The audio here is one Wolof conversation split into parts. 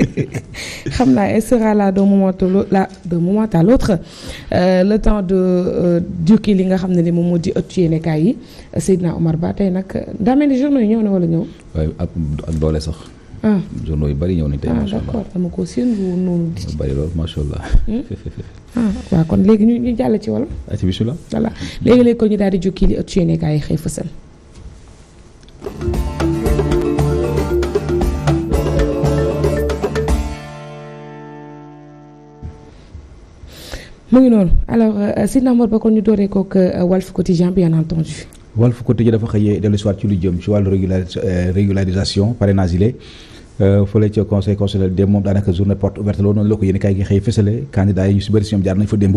xam naa elle sera là d'un moment là d'un moment à euh, le temps de euh, jukki li nga xam ne ni moom moo di ëttu yéenekaay yi Seydina Omar Ba tey nag daa mel yi ñëw na wala ñëw. waaye ak ah. yu bari ñëw nañ tey. Ah, macha dama ko séen bu noonu. di bari hmm? ah, kon léegi ñu ñu jàll ci wala. ah ci léegi léegi kon ñu daal di jukki li ëttu yéenekaay yi xëy fësal. mu ngi noonu alors euh, Sidna Mor Ba kon ñu dooree kook euh, Walf Quotidien bien entendu Walf Quotidien dafa xëyee dellu si waat ci lu jëm ci wàllu euh, régularisation parrainage yi fële ca conseil constitutionnel démb moom daanaka journée porte ouverte la woon noonu la ko yéen kaay gi xëy fësale candidat ñu si bëri si ñoom jaar nañ fa démb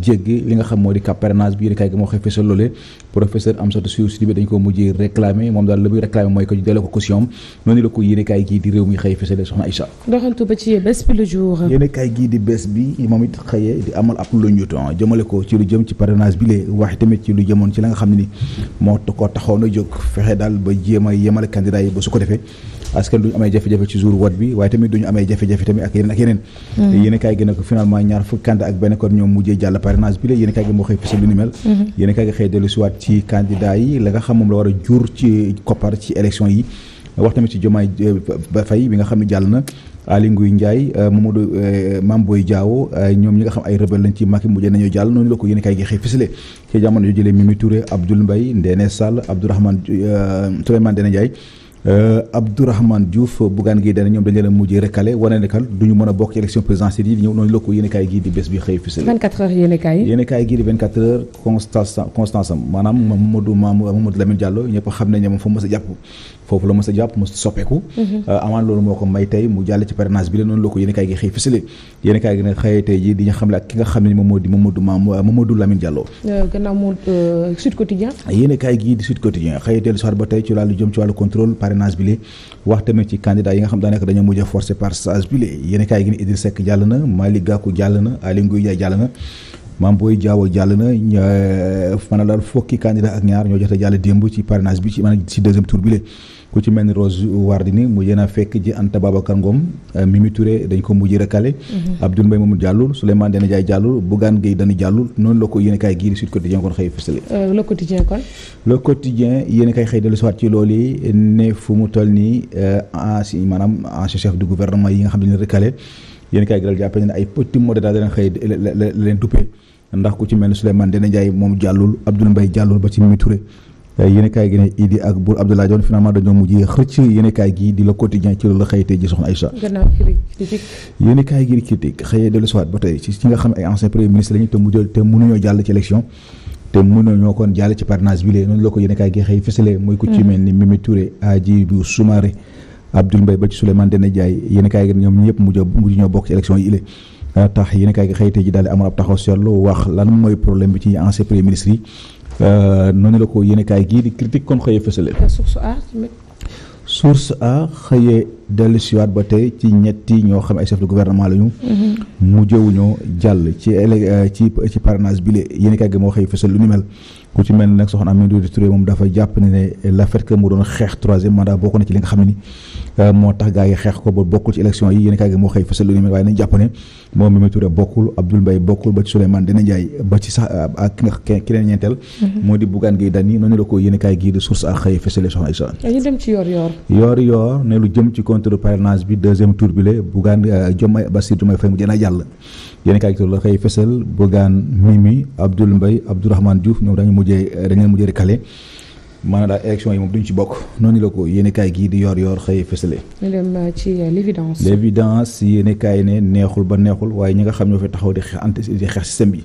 jéggi li nga xam moo di cap parrainage bi yéen kay gi moo xëy fësal loolee professeur Amsatou Sow Sidibé dañ ko mujjee réclamé moom daal la muy mooy ko ñu ko caution noonu la ko yéenekaay gii di réew mi xëy fësale soxna Aïcha doxantu ba ci bés bi lu jëm yeneen ak mm-hmm. gi ne ko finalement ñaar fukk candidat ak benn kon ñoom mujjee jàll parrainage bi lee yéenekaay gi mm-hmm. gi xëy dellu siwaat ci candidat yi la nga xam moom la war a jur ci koppar ci élection yi wax tamit ci ba Faye bi nga xam ne jàll na Aly Ngouille Ndiaye euh, Mamadou euh, Mame Boye Diao euh, ñoom ñi nga xam ay rebelle lañ ci Macky mujjee nañu jàll noonu la ko yéen kay gi xëy fësale ci jamono yu jëlee Mimi Touré Abdoul Mbaye Ndéné Sall Abdourahmane Souleymane Ndéné Ndiaye Euh, Abdourahmane Diouf Bougane Gueye Dany ñoom dañu leen mujj recalé wane ne kan mën a bokk ci élection présidentielle yi ñëw noonu la ko yéenekaay gii di bés bi xëy fësal 24 heures yéenekaay yéenekaay gii di 24 heures constance constance am maanaam Mamadou Mamadou Lamine Diallo ñëpp xam nañ ne moom fa mës a jàpp foofu la mës a jàpp mës soppeeku mhm. amaan loolu moo ko may tey mu jàll ci parrainage bi la noonu la ko yéen gi xëy fësale yéen gi ne ak ki nga xam ne moom moo di Mamadou Mam Mamadou Lamine Diallo euh, gannaaw mu euh, Sud Quotidien yéen kaay gi di Sud Quotidien xëy dellu soir ba tey ci wàllu jëm ci wàllu contrôle parrainage bi la wax tamit ci candidat yi nga xam daanaka dañoo mujj a forcé par bi la yéen gi ne Idrissa Seck jàll na Malick jàll na Aly Ngouille jàll na maam booy jaaw jàll na a daal fukki candidat ak ñaar ñoo jot a jàll démb ci parrainage bi ci maanaam ci deuxième tour bi ku ci mel ni Rose Wardini mu yéen a fekk ji Anta Babacar Ngom euh, Mimi dañ ko mujj recalé mhm. Abdoul Mbaye moom jàllul Souleymane Ndéné Ndiaye jàllul Bougane Gueye Dany jàllul noonu la ko yéen a kaay gii di kon xëy fësale euh, Le Quotidien kon Le Quotidien a kaay xëy dellu siwaat ci loolu yi ne fu mu toll nii ancien euh, chef du gouvernement yi nga xam yéen kaay gi dal jàppe ne ay petit modèle dana xëy la leen duppee ndax ku ci mel ne Souleymane Ndéné Ndiaye moom jàllul Abdoul Mbaye jàllul ba ci Mimi Touré gi di le quotidien ci la xëy tey ji soxna Aïcha yéen kaay gi di critique xëyee dellu siwaat ba tey ci nga xam ay ancien premier ministre lañu te mujjee te mënuñoo jàll ci élection te mënoo ñoo kon jàll ci parrainage bi noonu la ko yéen gi xëy fësalee muy ku ci mm. mel Abdoul Mbaye ba ci Souleymane Ndéné jaay yéen kaay gi ñoom ñëpp mujj mujj ñoo bokk ci élection yi ilée euh, tax yéen kaay gi xëyte ji daal di amoon ab taxaw seetlu wax lan mooy problème bi ci ancien premier ministre yi euh, noonu la ko yéen kaay gii di critique kon xëyee fësale source a xëye dellu siwaat ba tey ci ñetti ñoo xam ay chef de gouvernement lañu mm-hmm. mu jëwuñoo jàll ci euh, ci ci parrainage bi le yéen gi moo xëy fësal lu ni mel ku ci mel ne nag soxna Aminata Touré moom dafa jàpp ne ne la fait mu doon xeex troisième mandat bokk na ci li nga xam ne ni euh, moo tax gaa yi xeex ko ba bokkul ci élection yi yéen kaay gi moo xëy fësal lu ni ne moom Mimi Touré bokkul Abdoul Mbaye bokkul ba ci sax euh, ak keneen ñeenteel mm-hmm. moo di Bougane Gueye Dany noonu la ko yéen kaay gii source ak xëy fësale soxna Issa ñu dem ci yoor yoor yoor yoor ne lu jëm ci contre parrainage bi deuxième tour bi la Bougane euh, Diomaye Bassirou Diomaye jàll yéen kaay gi la xëy fësal Bougane Mimi Abdoul Mbaye Abdourahmane Diouf ñoom dañu mujjee dañu mujjee recalé maanaam daal élection yi moom duñ ci bokk noonu la ko yéen kaay gii di yor yor xëy fësale. ñu dem euh, ci euh, l'évidence. l'évidence yéen kaay ne neexul ba neexul waaye ñi nga xam noo fi taxaw di xeex anti di xeex système bi.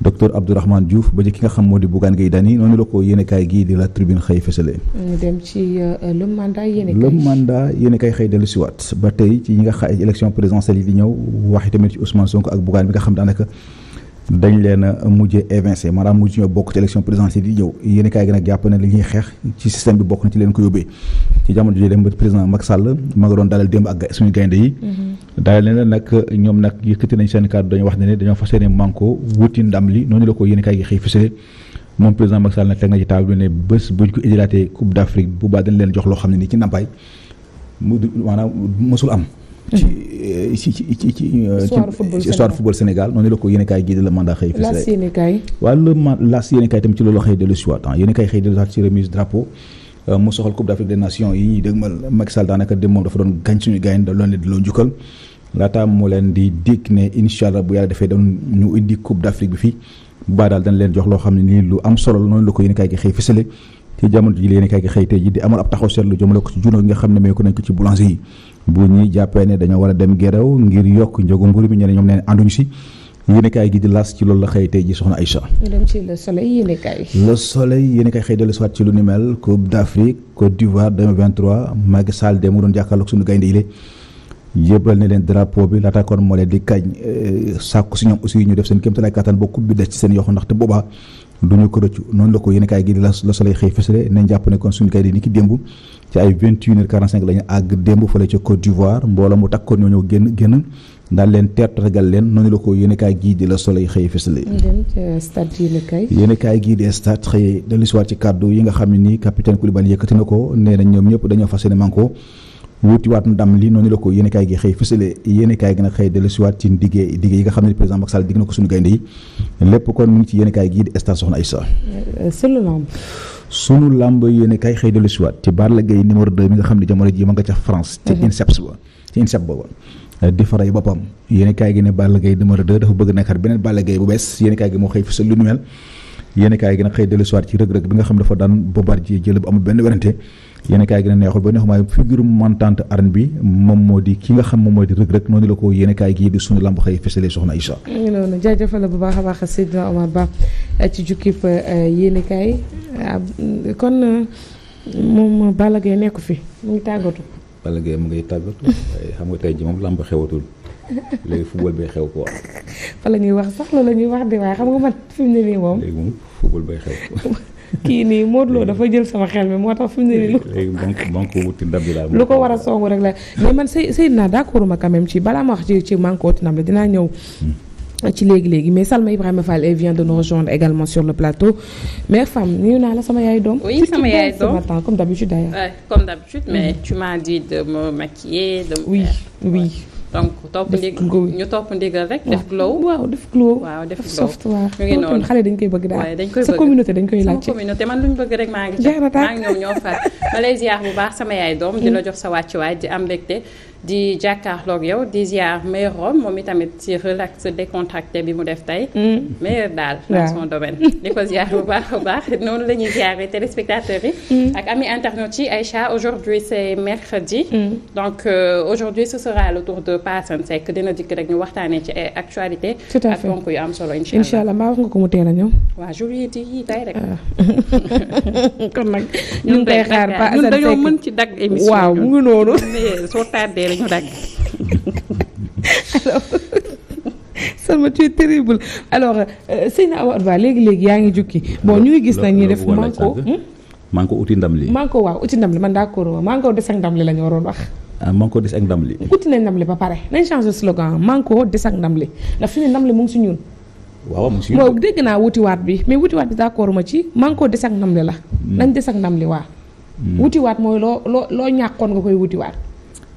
docteur Abdourahmane Diouf ba ci ki nga xam moo di Bougane Gueye Dany noonu la ko yéenekaay gii di la tribune xëy fësale. ñu dem ci euh, xëy dellu siwaat ba tey ci ñi nga xaay élection présidentielle yi di ñëw waxi tamit ci Ousmane Sonko ak Bougane bi nga xam daanaka. dañ leen a mujjee évincé maanaam mujj ñoo bokk ci élection présidentielle yi ñëw yéen i kaay gi nag jàpp ne li ñuy xeex ci système bi bokk na ci leen ko yóbbee ci jamono jii dem président ma nga doon mm-hmm. seen kàddu dañu wax ne ne dañoo fas yéene manko wuti ndam li noonu la ko yéen gi xëy fësale moom président Macky Sall nag teg na ci table bi ne bés buñ ko édilaté Coupe d'Afrique bu baax dañ leen jox loo xam ne nii ci ndàmpaay mu maanaam mosul am Mm. ci ci ci ci. Euh, histoire football Sénégal noonu la ko yéen a kaay gii de la mandat xëy. las yéen a kaay. waaw le man las yéen a kaay tamit ci loolu xëy de le choix ah yéen a euh, daanaka dem moom dafa doon gañ suñu gars yi da doon leen di loo njukkal di dégg ne incha allah bu yàlla defee doon ñu indi Coupe d'Afrique bi fii ba daal dañ leen jox loo xam ne nii lu am solo noonu la ko yéen a kaay gi xëy fësale ci jamono ji yéen a kaay gi xëy tey ji di amal ab taxaw seetlu jëmale ko ci junóo gi nga xam ne mee ko nañ ko ci boulanger bu ñuy jàppee ne dañoo war a dem géréw ngir yokk njëgu mburu mi ñeneen ñoom nee ànduñu si yéenekaay gi di las ci loolu la xëy tey ji soxna Aïcha. ñu dem ci le soleil xëy dellu si waat lu ni mel Coupe d'Afrique Côte d'Ivoire 2023 Macky de mu doon jàkkaarloog suñu gaynde yi yëbal ne leen drapeau bi laata kon moo di kañ euh, sàkku si ñoom aussi ñu def seen kéemtalaay kattan ba coupe bi des ci seen yoxo ndax te du ñu ko rëccu noonu la ko yéenekaay gi di la le soleil xëy fësale nañ jàpp ne kon suñu gaynde yi ki démb. ci ay vingt une heures quarante cinq la ñu àgg démb d'Ivoire mbooloo mu takkoon ñoo noonu la ko yéen a kaay gii di la soleil xëy fësale. yéen a gii di stade xëy dellu si waat ci kàddu yi nga xam ne nii capitaine Koulibaly yëkkati na ko nee na ñoom ñëpp dañoo fas yéene manko ndam li noonu la ko yéen gi xëy fësale yéen gi nag xëy dellu ci ndiggee diggee yi nga xam ne président Macky Sall digg na ko suñu gaynde yi lépp kon mu ngi ci yéen di stade soxna Aïssa euh, sunu làmb yéene kay xëy dellu ci Balla Gaye numéro 2 mi nga xam ne jamono ji ma nga ca France. ci mhm. INSEPS ba ci INSEP booba. Euh, di faray ba neexumaay figure baax a baax Seydina Omar Ba ci jukkib eh, yéenekaay ah, kon eh, moom Balla nekku fi mu tàggatu. Balla Gaye mu ngay tàggatu waaye xam nga tey ji moom làmb xewatul léegi football xew quoi. fa la ñuy wax sax la ñuy wax de xam nga man fi mu ne nii moom. léegi kii nii Modou Lo jël sama xel mi moo tax fi mu ne nii. léegi man ko wuti ndam lu ko war a songu rek la mais man Seydina d'accord ma quand même ci balaa ma wax ci ci man wuti ndam la dinaa ñëw. Hmm. ci léegi léegi mais Salma Ibrahima Fall elle vient de nous rejoindre également sur le plateau mère femme nuyu naa la sama yaay doom. oui sama yaay ñu topp ndigal rek def glow waaw def glow waaw def soft waaw koy bëgg daal dañ koy dañ koy laajte man lu ñu bëgg rek maa ngi ci maa ngi bu baax sama yaay doom di la mm. jox sa wàccuwaay di am mbégte di jàkkaarloog yow di ziar maire Rome moom itamit ci relax décontracté bi mu def tey. Mm. maire daal. dans son domaine. di ko ziar bu baax a baax noonu la ñuy ziaree téléspectateurs yi. Mm. ak ami internautes yi Aïcha aujourd'hui c'est mercredi. Mm. donc euh, aujourd'hui ce sera le tour de Pa Assane Seck dina dikk rek ñu waxtaanee ci actualité. tout à fait ak yu am solo incha allah incha allah maa wax nga ko mu teel a ñëw. waaw jour yi di rek. Ah. kon nag ñu dañoo mën ci dagg émission. waaw mu noonu. soo la ñu dagg alors sama tu es terrible alors euh, léegi léegi yaa ngi jukki bon ñu ngi gis nag ñuy def manko hmm? manko uti ndam li manko waaw uti ndam li man d'accord waaw manko des ak ndam li la ñu waroon wax ah manko des ak ndam li ba pare nañ changer slogan des ak ndam li ndax fi ne ndam li mu ngi si ñun waaw moo dégg naa wutiwaat bi mais wutiwaat bi d'accord ma ci man koo des ak ndam li la. Hmm. nañ des ak ndam li waa. Hmm. wutiwaat mooy loo loo loo ñàkkoon nga koy wutiwaat.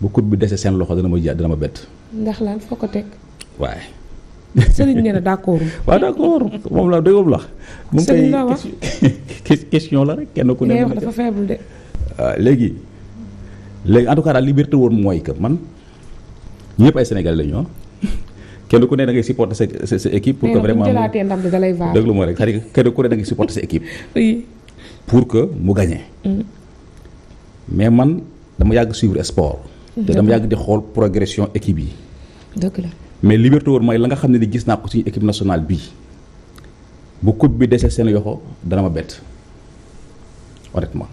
bu coupe bi dese seen loxo dana ma ja dana ma bett. ndax lan foo ko teg. waaye. sëriñ nee na d' accord. waaw d' moom la déggoon la. la mu ngi question la rek kenn ku ne. wax dafa faible de. Ah, léegi léegi en tout cas daal mooy que man ñëpp ay sénégalais la ñu ah. kenn ne da ngay supporter sa sa équipe. pour que vraiment déglu ma rek cest à pour que mu gagné. Mm. mais man dama yàgg suivre sport. te dama yàgg di xool progression équipe yi. dëgg mais liberté wóor mooy la nga xam ne ni gis naa ko suñu équipe nationale bii bu coupe bi dese seen yoxo dana ma bett honnêtement.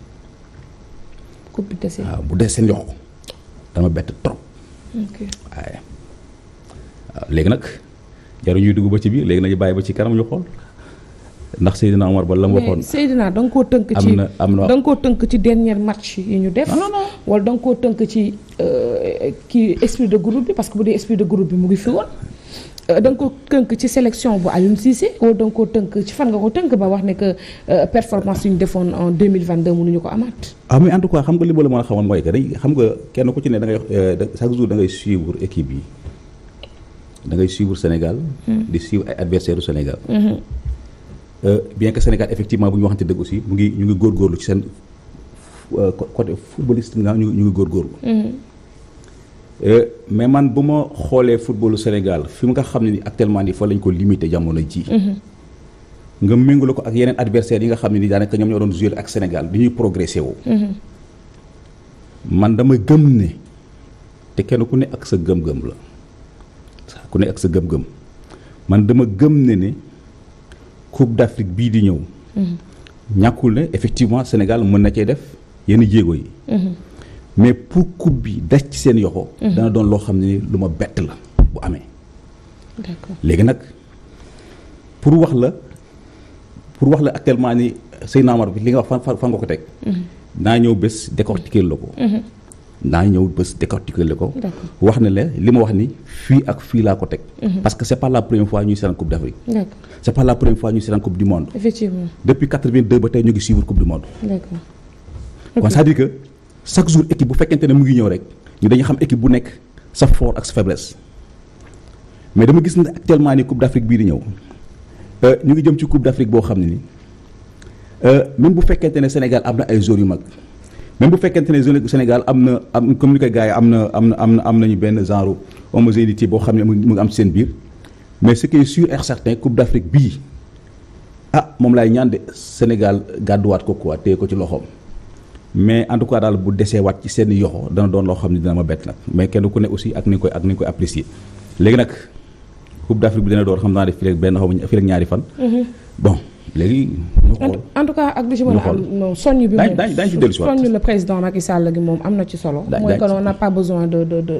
coupe bi waaw ah, bu dese seen yoxo bett trop. ok ah, léegi nag jarul ñuy dugg ba ci biir léegi nañu bàyyi ba ci kanam ñu xool. ndax Seydina Omar ba la mu waxoon. Seydina da nga tënk ci na am na da nga koo tënk ci dernier match yi ñu def. wala da nga koo tënk ci euh, kii esprit de groupe bi parce que bu dee esprit de groupe bi mu ngi fi woon. Euh, da ko tënk ci sélection bu Aliou Cissé wala da nga ko ci fan nga ko tënk ba wax ne que euh, performance yu ñu defoon en 2022 mënuñu ko amaat. ah mais en xam nga li la mën a xamoon mooy que day xam nga kenn ku ci ne da ngay chaque jour da ngay suivre équipe yi da ngay suivre Sénégal. Hmm. di suivre ay adversaires Euh, bien que Sénégal effectivement bu ñu waxante dëgg aussi mu ngi ñu ngi góorgóorlu ci seen euh, côté footballiste nga ñu ñu ngi góorgóorlu. Mm-hmm. Euh, mais man bu ma xoolee footballu Sénégal fi mu nga xam ne ni actuellement nii fa lañ ko limité jamono ji. Mm-hmm. nga méngale ko ak yeneen adversaires yi nga xam ne ni daanaka ñoom ñoo doon jouer ak Sénégal di ñuy progressé woo. Mm-hmm. man dama gëm ne te kenn ku ne ak sa gëm-gëm la ku ne ak sa gëm-gëm man dama gëm ne ne. coupe d' Afrique bii di ñëw. ñàkkul ne effectivement Sénégal mën na cee def yenn jéego yi. mais pour coupe bi des ci seen yoxo dana doon loo xam ne lu ma bett la bu amee. d'accord léegi nag pour wax la pour wax la actuellement ni Seydina Omar bi li nga wax fan fan nga ko teg. Mhm. naa ñëw bés décortiquer la ko. Mhm. naa ñëw bés décortiquer la ko. wax na la li ma wax ni fii ak fii laa ko teg. Mhm. parce que c' est pas la première fois ñuy seetaan coupe d' Afrique. c' est pas la première fois ñuy seetaan coupe du monde. effectivement depuis 82 coupe du que chaque jour équipe bu fekkente ne mu ngi ñëw rek ñu xam équipe bu nekk ak sa mais dama gis ne actuellement ni coupe d' Afrique bii di ñëw euh, ñu ngi jëm ci coupe d' boo xam ne ni euh, même bu fekkente ne Sénégal am na ay joueurs yu mag. même bu fekkente ne jeunesse bu Sénégal am na am comme ni koy gars yi am na am na am na am nañu benn genre homogénéité boo xam ne mu ngi am seen biir mais ce qui est sûr et certain coupe d'Afrique bii ah moom laay ñaan de Sénégal gàdduwaat ko quoi téye ko ci loxoom. mais en tout cas daal bu desee waat ci seen yoxo dana doon loo xam ne dina ma bett nag mais kenn ku ne aussi ak ni koy ak ni koy apprécier léegi nag coupe d'Afrique bi dina door xam naa ne fii benn xaw ma fii ñaari fan. Mhm. léegi ñu xool en tout cas ak lu ci mën a am soññ bi moom daañu ci dellu si gi moom am na ci solo mooy que on n'a pas besoin de de de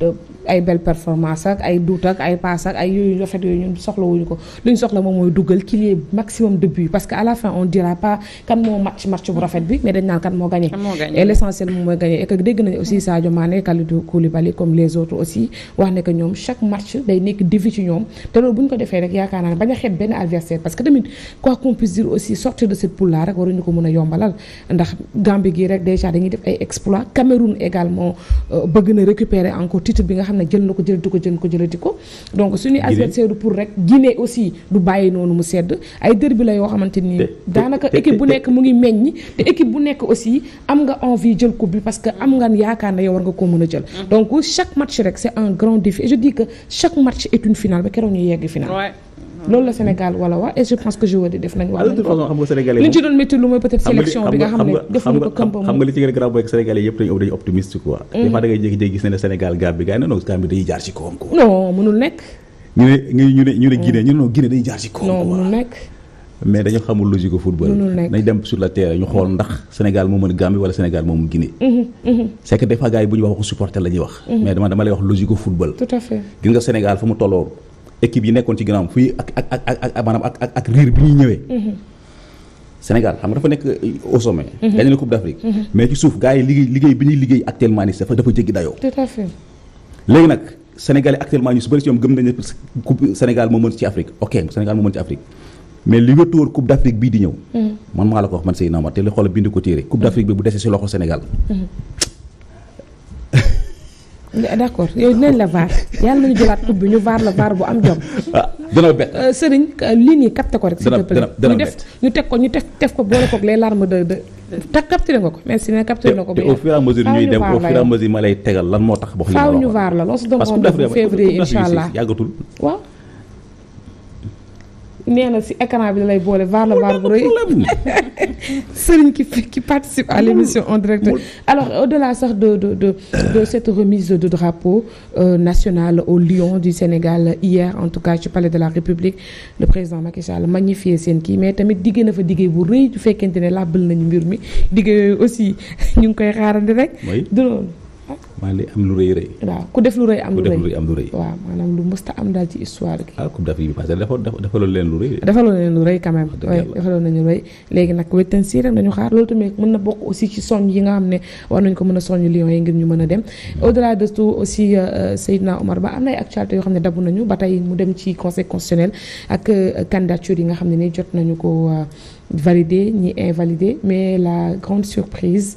de ay belle performance ay duut ak ay paas ak ay yooyu rafet yooyu ñun soxlawuñu ko lu soxla moom mooy duggal qu'il maximum de buts parce que à la fin on dira pas kan moo match match bu rafet bi mais dañ naan kan moo gagné et l' moom mooy gagné et dégg nañu aussi Sadio Mané Kalidou Koulibaly comme les autres aussi wax ne ñoom chaque match day nekk défi ci ñoom te loolu bu ñu ko defee rek yaakaar naa ne bañ a xeeb benn adversaire parce que xam ne jël na ko jëlati ko jël ko jëlati ko donc suñuy adversaire du pour rek Guinée aussi du bàyyi noonu mu sedd ay derby la yoo xamante ni daanaka équipe bu nekk mu ngi meññi te équipe bu nekk aussi am nga envie jël coupe bi parce que am nga yaakaar ne yow war nga koo mën a jël mm. donc chaque match rek c'est un grand défi et je dis que chaque match est une finale ba keroog ñu yegg finale loolu la Sénégal wala wax et je pense que joueur di def nañ wax nañ a garaaw mooy Sénégalais yëpp dañu dañu optimiste quoi mm. des fois da ngay jékki-jékki dem sur la terre ñu xool ndax Sénégal moo mën Gambie wala Sénégal moo mën Guinée mm-hmm, mm-hmm. c'est que yi bu ñu wax waxu supporter la ñuy wax mm-hmm. mais dama dama lay wax logique football gis nga Sénégal fa mu tolloon équipe yi nekkoon ci ginnaawam fii ak ak ak ak maanaam ak ak ak riir bi ñuy ñëwee. Mhm. Sénégal xam nga dafa nekk euh, au sommet. Mhm. gagné la Coupe mhm. yi liggéey liggéey bi ñuy liggéey actuellement nii dafa dafa dayoo. léegi nag Sénégalais actuellement ñu su bëri si ñoom gëm nañu ne coupe Sénégal moo mën ci Afrique ok Sénégal moo mën ci Afrique. mais li nga tóor Coupe d'Afrique bii di ñëw. man maa la ko wax man Seydina Omar te li xool bind ko téere Coupe d'Afrique bi bu desee si loxo Sénégal. d' accord yow dinañ la vaar yàlla nañu jëlaat coupe bi ñu vaar la vaar bu am jom. ah dana bett. Euh, sëriñ euh, lii nii capté ko rek. s'il te plaît ñu def ñu teg ko ñu teg teg ko boole koog les larmes de de. te capté nga ko merci ne capté na ko. te au fur et à ñuy dem au fur ma lay tegal lan moo tax. wax la wax faaw ñu vaar la loolu si doon woon février incha yàggatul waaw. nee na si écran bi la lay boole vaar la vaar bu rëy sëriñ ki ki participe à l'émission en direct alors au la sax de de de de remise de drapeau euh, national au lion du Sénégal hier en tout cas ci palais de la République le président Macky Sall magnifié seen kii mais tamit diggé na fa diggé bu rëy bu fekkente ne làbbal nañu mbir mi diggé yooyu aussi ñu ngi koy xaarandi rek maa li am lu rëy rëy. waaw ku def lu rëy am lu rëy ku def am lu rëy. waaw maanaam lu mësta am daal ci histoire bi. ah coupe dafa defaloon leen lu rëy. defaloon leen lu rëy quand même. waaye defaloon nañu rëy léegi nag wéttan si rek nañu xaar loolu tamit mën na bokk aussi ci soñ yi nga xam ne war nañ ko mën a soñ Lions yi ngir ñu mën a dem. Mm. au delà de tout aussi euh, euh, Seydina Ba am na ay actualité yoo xam ne dabu nañu ba tey mu dem ci conseil constitutionnel ak euh, candidature yi nga xam ne ni jot nañu ko valider ñi invalider mais la grande surprise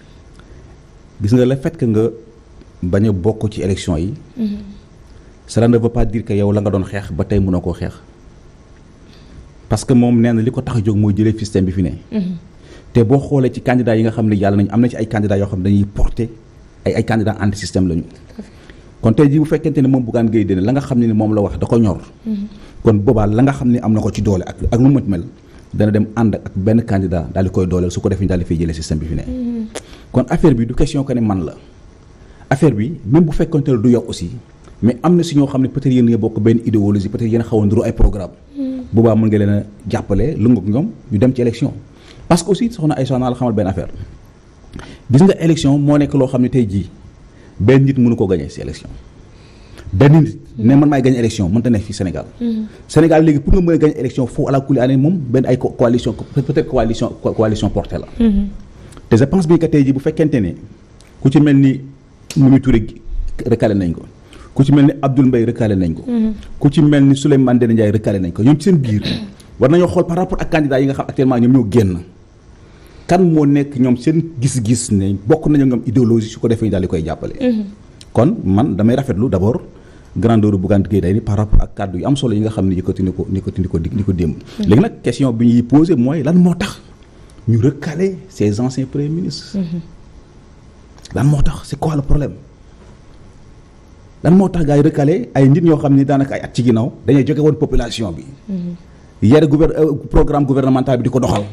gis nga la fait nga bañ bokk ci élection yi. sa ne veut pas dire que yow la nga doon xeex ba tey mënoo koo xeex. parce que moom nee li ko tax a jóg mooy jëlee système bi fi ne. te boo xoolee ci candidat yi nga xam ne yàlla nañu am na ci ay candidats yoo xam ne dañuy porter ay ay candidats anti système lañu. kon tey jii bu fekkente ne moom Bougane Gueye Dany la nga xam ne moom la wax da ko ñor. Mm-hmm. kon boobaa la nga xam ne am na ko ci doole ak ak lu mët mel. dana dem ànd ak benn candidat daal di koy dooleel su ko defee ñu daal di fiy jëlee système bi fi ne. kon affaire bi du question que ne man la affaire bi même bu fekkonte ne du yokk aussi mais am na si ñoo xam ne peut-être nga bokk benn idéologie peut-être yéen a xaw a nduru ay programme hmm. boobaa mën nga leen a jàppale lëngoog ñoom ñu dem ci élection. parce que aussi soxna ay naa la xamal benn affaire gis nga élection moo nekk loo xam ne tey jii benn nit mënu ko gagné si élection. benn nit ne man maay gagné élection mënta ne fii Sénégal. Mhm. Sénégal léegi pour nga mën a gagné élection foo ala kulli année moom benn ay coalition peut-être coalition coalition la. Mhm. te je pense bi que tey bu fekkente ne ku ci mel ni Mimi Touré recalé nañ ko ku ci mel ni Abdoul Mbaye recalé nañ ko. Mhm. ku ci mel ni Souleymane Ndéné Ndiaye recalé nañ ko ñoom seen biir. war nañoo xool par rapport ak candidat yi nga xam actuellement ñoom ñoo génn. kan moo nekk ñoom seen gis-gis ne bokk nañu ñoom idéologie su ko defee daal di koy jàppale. kon man damay rafetlu d'abord. grandeur Bougane Gueye Dany par rapport ak kàddu yu am solo yi nga xam ne yëkkati ni ko yëkkati ni ko ni ko démb léegi nag question bi ñuy posé mooy lan moo tax ñu recaler ces anciens premiers ministres mhm. lan moo tax c'est quoi le problème lan moo tax gars yi recalé ay nit ñoo xam ne daanaka ay at ci ginnaaw dañuy jóge woon population bi mhm. yare gouver euh, programme gouvernemental bi di ko doxal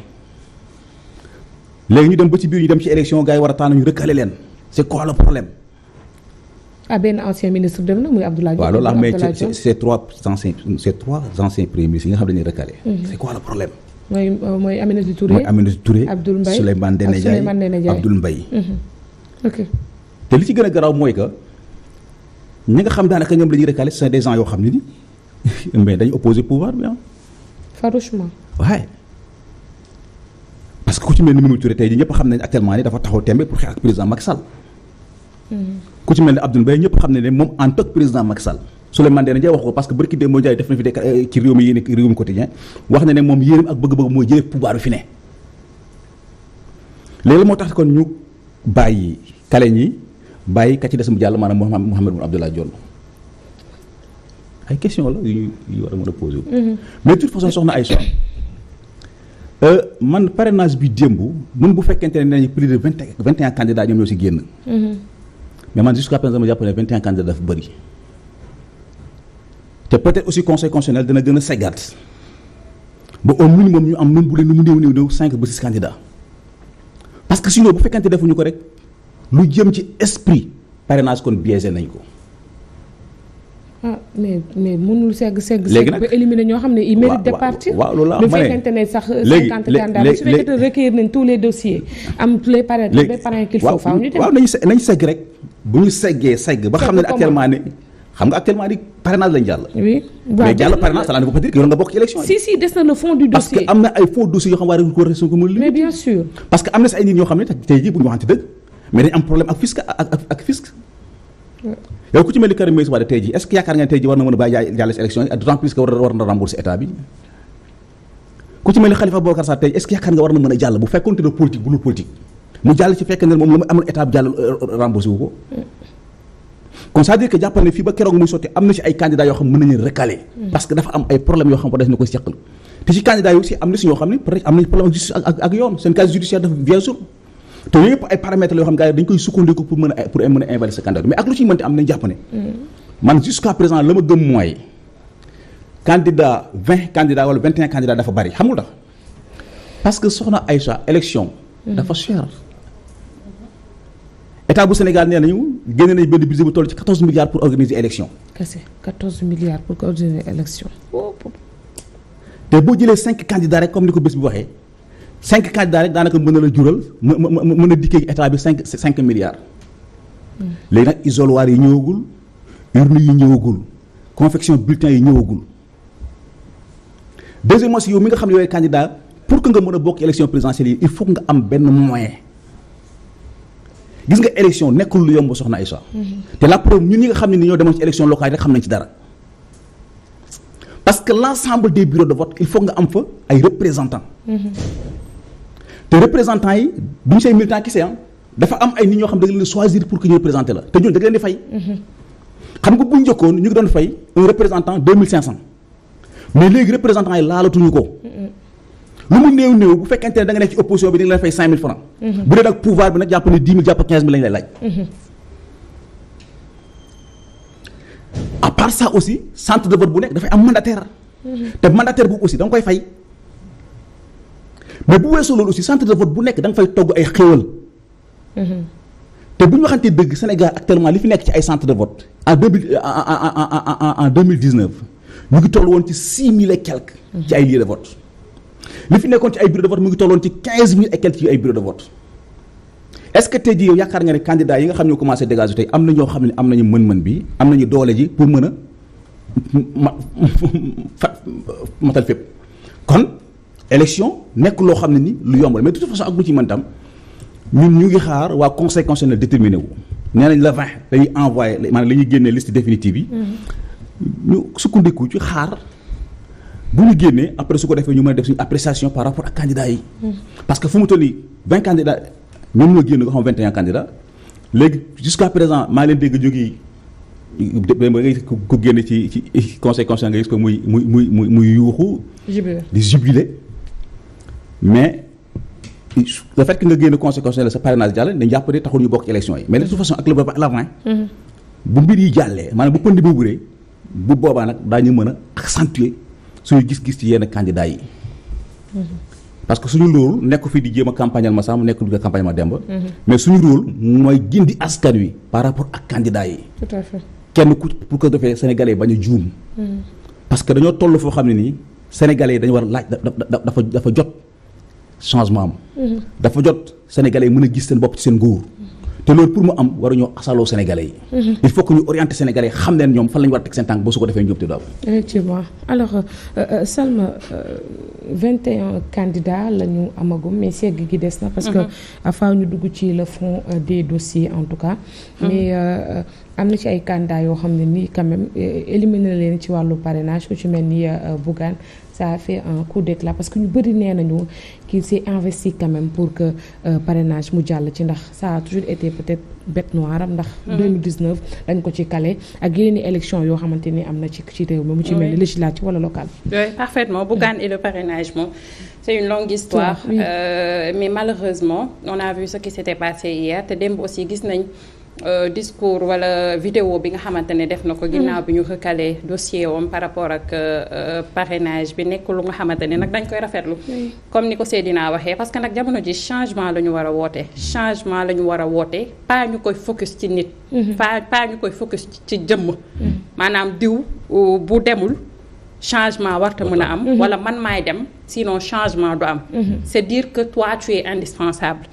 léegi ñu dem ba ci biir ñu dem ci élection gars yi war a tànn ñu leen c'est quoi le ah benn ancien ministre dem na muy Abdoulaye Diop. te li ci gën a garaaw mooy que ñi nga xam daanaka ñoom la ñuy recalé c'est des gens yoo xam ne ni mais dañu opposé pouvoir bi ah. farouchement. waaye parce que ku ñëpp xam nañ actuellement ni dafa taxaw tembe pour xeex ku ci mel ne Abdoul Mbaye ñëpp xam ne ne moom en tant que président Macky euh, moom yéenam ak bëgg-bëgg mooy jëlee moo tax kon ñu bàyyi kale ñi bàyyi ka ci des mu jàll maanaam Mouhamed Boun Abdallah la yu ñu war a mën a posé mm-hmm. mais de toute façon soxna ay soxna euh, man parrainage bi démb mun bu fekkente ne nañu plus de vingt et un candidats ñoom ñoo si génn mm-hmm. mais man jusqu'à présent ma jàpp ne 21 candidats dafa bëri te peut-être aussi conseil constitutionnel dana gën a seggaat ba au minimum ñu am même bu leen nu mu néew néew néew 5 ba 6 candidats parce que sinon bu fekkante defuñu ko rek lu jëm ci esprit parrainage kon biaisé nañ ko. ah mais mais mënul segg segg. léegi nag ba ñoo xam ne ils méritent de partir. waaw loolu la ma ne bu fekkente ne sax. Euh, léegi léegi su nañ tous les dossiers. am tous les parrains les parrains qu'il rek. bu ñu seggee segg ba xam ne actuellement ne xam nga actuellement ni parrainage lañ jàll. oui jàll parrainage ça ne veut pas dire que yoon nga bokk ci élection yi. parce que am na ay faux dossiers yoo xam ne waa ko récolte ko mën mais bien sûr. parce que si ay nit ñoo xam ne tey jii bu ñu waxante dëgg mais dañ am problème ak fisc yow ku ci mel ni Karim Meïssa Wade tey jii est yaakaar nga tey jii war na mën a jàll si élection yi d'autant plus que war war na mën a jàll bu mu jàll ci fekkee ne moom la mu amoon étape jàll euh, euh, remboursé wu ko kon cest dire que jàppal fii ba keroog muy sotti am na si ay candidats yoo xam mën nañu recaler mm. parce que dafa am ay problèmes yoo xam peut-être na ko seqal te ci candidats yi aussi am na si ñoo xam ne peut-être am nañ problème ak ak te a pour mën a invalider sa candidat mais ak lu am nañ jàpp ne mm. man jusqu'à présent la ma gëm mooy candidat 20 candidats wala 21 candidats dafa bari xamul tax parce que soxna ay Aïcha élection mm. dafa cher état bu Sénégal nee nañu génne nañu benn budget bu toll ci 14 milliards pour organiser élection. kese 14 milliards pour organiser te boo jëlee cinq candidats rek comme ni ko bés bu waxee 5 candidats rek daanaka mën na la jural mën mën mën a dikkee état bi cinq 5 milliards. Hmm. léegi nag isoloir yi ñëwagul urne yi ñëwagul confection bulletin yi ñëwagul deuxièmement si yow mi nga xam ne yooyu candidat pour que nga mën a bokk élection présidentielle yi il faut nga am benn moyen. gis nga élection nekkul lu yomb soxna Aïcha mhm. te la preuve ñun ñi nga xam ne ni ñoo demoon ci élection locale rek xam nañ ci dara parce que l' ensemble des de vote il faut nga am fa ay représentants. Mhm. te représentants yi duñ say militants kese ah dafa am ay nit ñoo xam da nga leen choisir pour que ñu représenté la te ñun da nga leen di fay. Mhm. xam nga bu njëkkoon ñu ngi doon fay un représentant deux mille cinq cent mais léegi représentants yi lu mu néew néew bu fekkente ne da nga nekk ci opposition bi di nga leen fay 5000 francs mhm. bu dee nag pouvoir bi nag jàpp ne 10 000 jàpp 15 000 lañ lay laaj. Mhm. à part aussi centre de vote bu nekk dafay am mandataire. Mhm. te mandataire boobu aussi da nga koy fay. mais bu weesoo loolu aussi centre de vote bu nekk da fay togg ay xéewal. te bu ñu waxantee dëgg Sénégal actuellement li fi nekk ci ay centre de vote en deux mille en en en en en dix neuf ñu ngi toll woon ci six mille et quelques. li fi nekkoon ci ay bureau de vote mu ngi tolloon ci 15000 et quelques yu ay bureau de vote est ce que tey jii yow yaakaar nga ne candidat yi nga xam ne ñoo commencé dégager tey am na ñoo xam ne am nañu mën-mën bi am nañu doole ji pour mën a ma fa matal fépp kon élection nekk loo xam ne ni lu yomb la mais façon ak lu ci mën tam ñun ñu ngi xaar waa conseil constitutionnel déterminé wu nee nañ la 20 dañuy envoyé man la ñuy génnee liste définitive yi. Mm-hmm. ñu sukkandiku bu mu génnee après su ko defee ñu mën a def suñu appréciation par rapport ak candidats yi. parce que fu mu toll nii vingt candidats ñoom ñoo génn nga xam vingt et un léegi léegi jusqu'à présent maa leen dégg jógee ba nga gis ku génn ci ci conseil conseil nga gis ko muy muy muy muy muy yuuxu. jubilé di jubilé mais. le fait que nga génn conseil constitutionnel sa parrainage jàll dañ jàpp ne taxul ñu bokk ci élection yi mais de toute façon ak la mhm. bu mbir yi jàllee maanaam bu pënd bi wuree bu boobaa nag ñu mën a accentuer suñu gis-gis ci yenn candidats yi. parce que suñu rôle nekk fi di jéem a campagnal ma sàmm nekk du ko campagne ma demba mais suñu rôle mooy gindi askan wi par rapport ak candidats yi. kenn ku pour ko defee sénégalais bañ a juum. parce que dañoo toll foo xam ne nii sénégalais yi dañu war a laaj dafa dafa jot changement am. Mhm. dafa jot sénégalais mën a gis seen bopp ci seen nguur. te loolu pour mu am waruñoo asaloo sénégalais yi. Mhm. il faut que ñu orienté xam leen ñoom fan la ñu war a teg seen tànk ba su ko defee ñu jub te euh, euh, euh, la ñu amagum mais segg gi des na. parce que faaw mhm. ñu dugg ci le fond des dossiers en tout cas. Mhm. mais am na ci ay candidats yoo xam ne nii quand éliminer éliminé leen ci wàllu parrainage ku ci mel ni Bougane. ça fait un coup d'éclat parce que ñu bëri nee nañu qu'il s'est investi quand même pour que euh, parrainage mu jàll ci ndax ça a toujours été peut-être bête noire am ndax 2019 mhm. dañ ko ci calé ak yeneen élection yoo xamante ni am na ci ci réew mi mu ci mel ni législative wala locale oui parfaitement Bougane et le parrainage moom c'est une longue histoire euh, mais malheureusement on a vu ce qui s'était passé hier te démb aussi gis nañ Euh, discours wala vidéo bi nga xamante ne def na ko ginnaaw bi ñu recalé dossier wam par rapport ak euh, euh, parrainage bi nekk lu nga xamante ne nag dañ koy rafetlu comme ni ko dinaa waxee parce que nag jamono ji changement la ñu a woote changement la ñu war a woote pas ñu koy focus ci nit mhm. pas pas ñu koy focus ci jëmm mhm. maanaam diw bu demul changement warta mën a am mhm. wala man maay dem sinon changement du am c'est dire que toi indispensable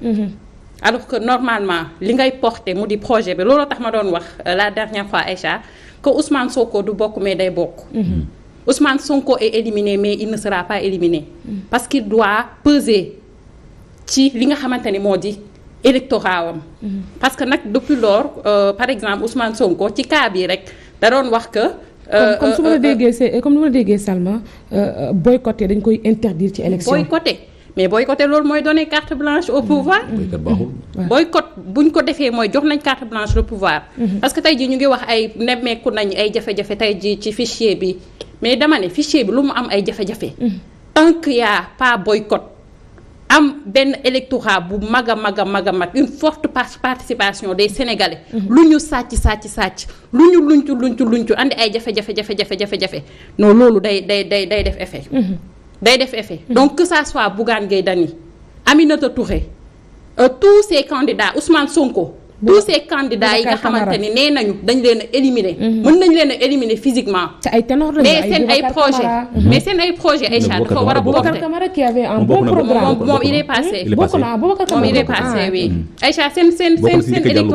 alors que normalement li ngay porté mu di projet bi looloo tax ma doon wax euh, la dernière fois Aïcha que Ousmane Sonko du bokk mais day bokk. Mm-hmm. Ousmane Sonko est mais il ne sera pas éliminé. Mm-hmm. parce qu'il doit peser ci li nga xamante ne moo di électorat mm-hmm. parce que nag depuis lors euh, par exemple Ousmane Sonko ci cas bii rek da doon wax que. Euh, comme comme su ma euh, déggee comme ni ma Salma boycotté dañ koy interdire ci élection boycotté. mais boycotté loolu mooy donner carte blanche au pouvoir. Mmh. boycott baaxul. boycott buñ ko defee mooy jox nañ carte blanche le pouvoir. Mmh. parce que tey jii ñu ngi wax ay nemmeeku nañ ay jafe-jafe tey jii ci fichier bi mais dama ne lu mu am ay jafe-jafe. Mmh. tant qu'il y a am benn électorat bu mag a mag a mag a mag une forte participation des sénégalais. lu ñu sàcc sàcc sàcc lu ñu luncu luncu luncu andi ay jafe-jafe jafe-jafe jafe-jafe non loolu day day day day def effet. day def effet donc que ça soit Bougane Gueye Dany Aminata Touré euh, tous ces candidats Ousmane Sonko tous ces candidats yi nga xamante ni nee nañu dañ leen a éliminer mhm. mën nañ leen a éliminer physiquement mhm. mais seen ay projet mais seen ay projet Aïcha dafa war a porter moom il est moom il est passé oui mm. Aïcha seen seen seen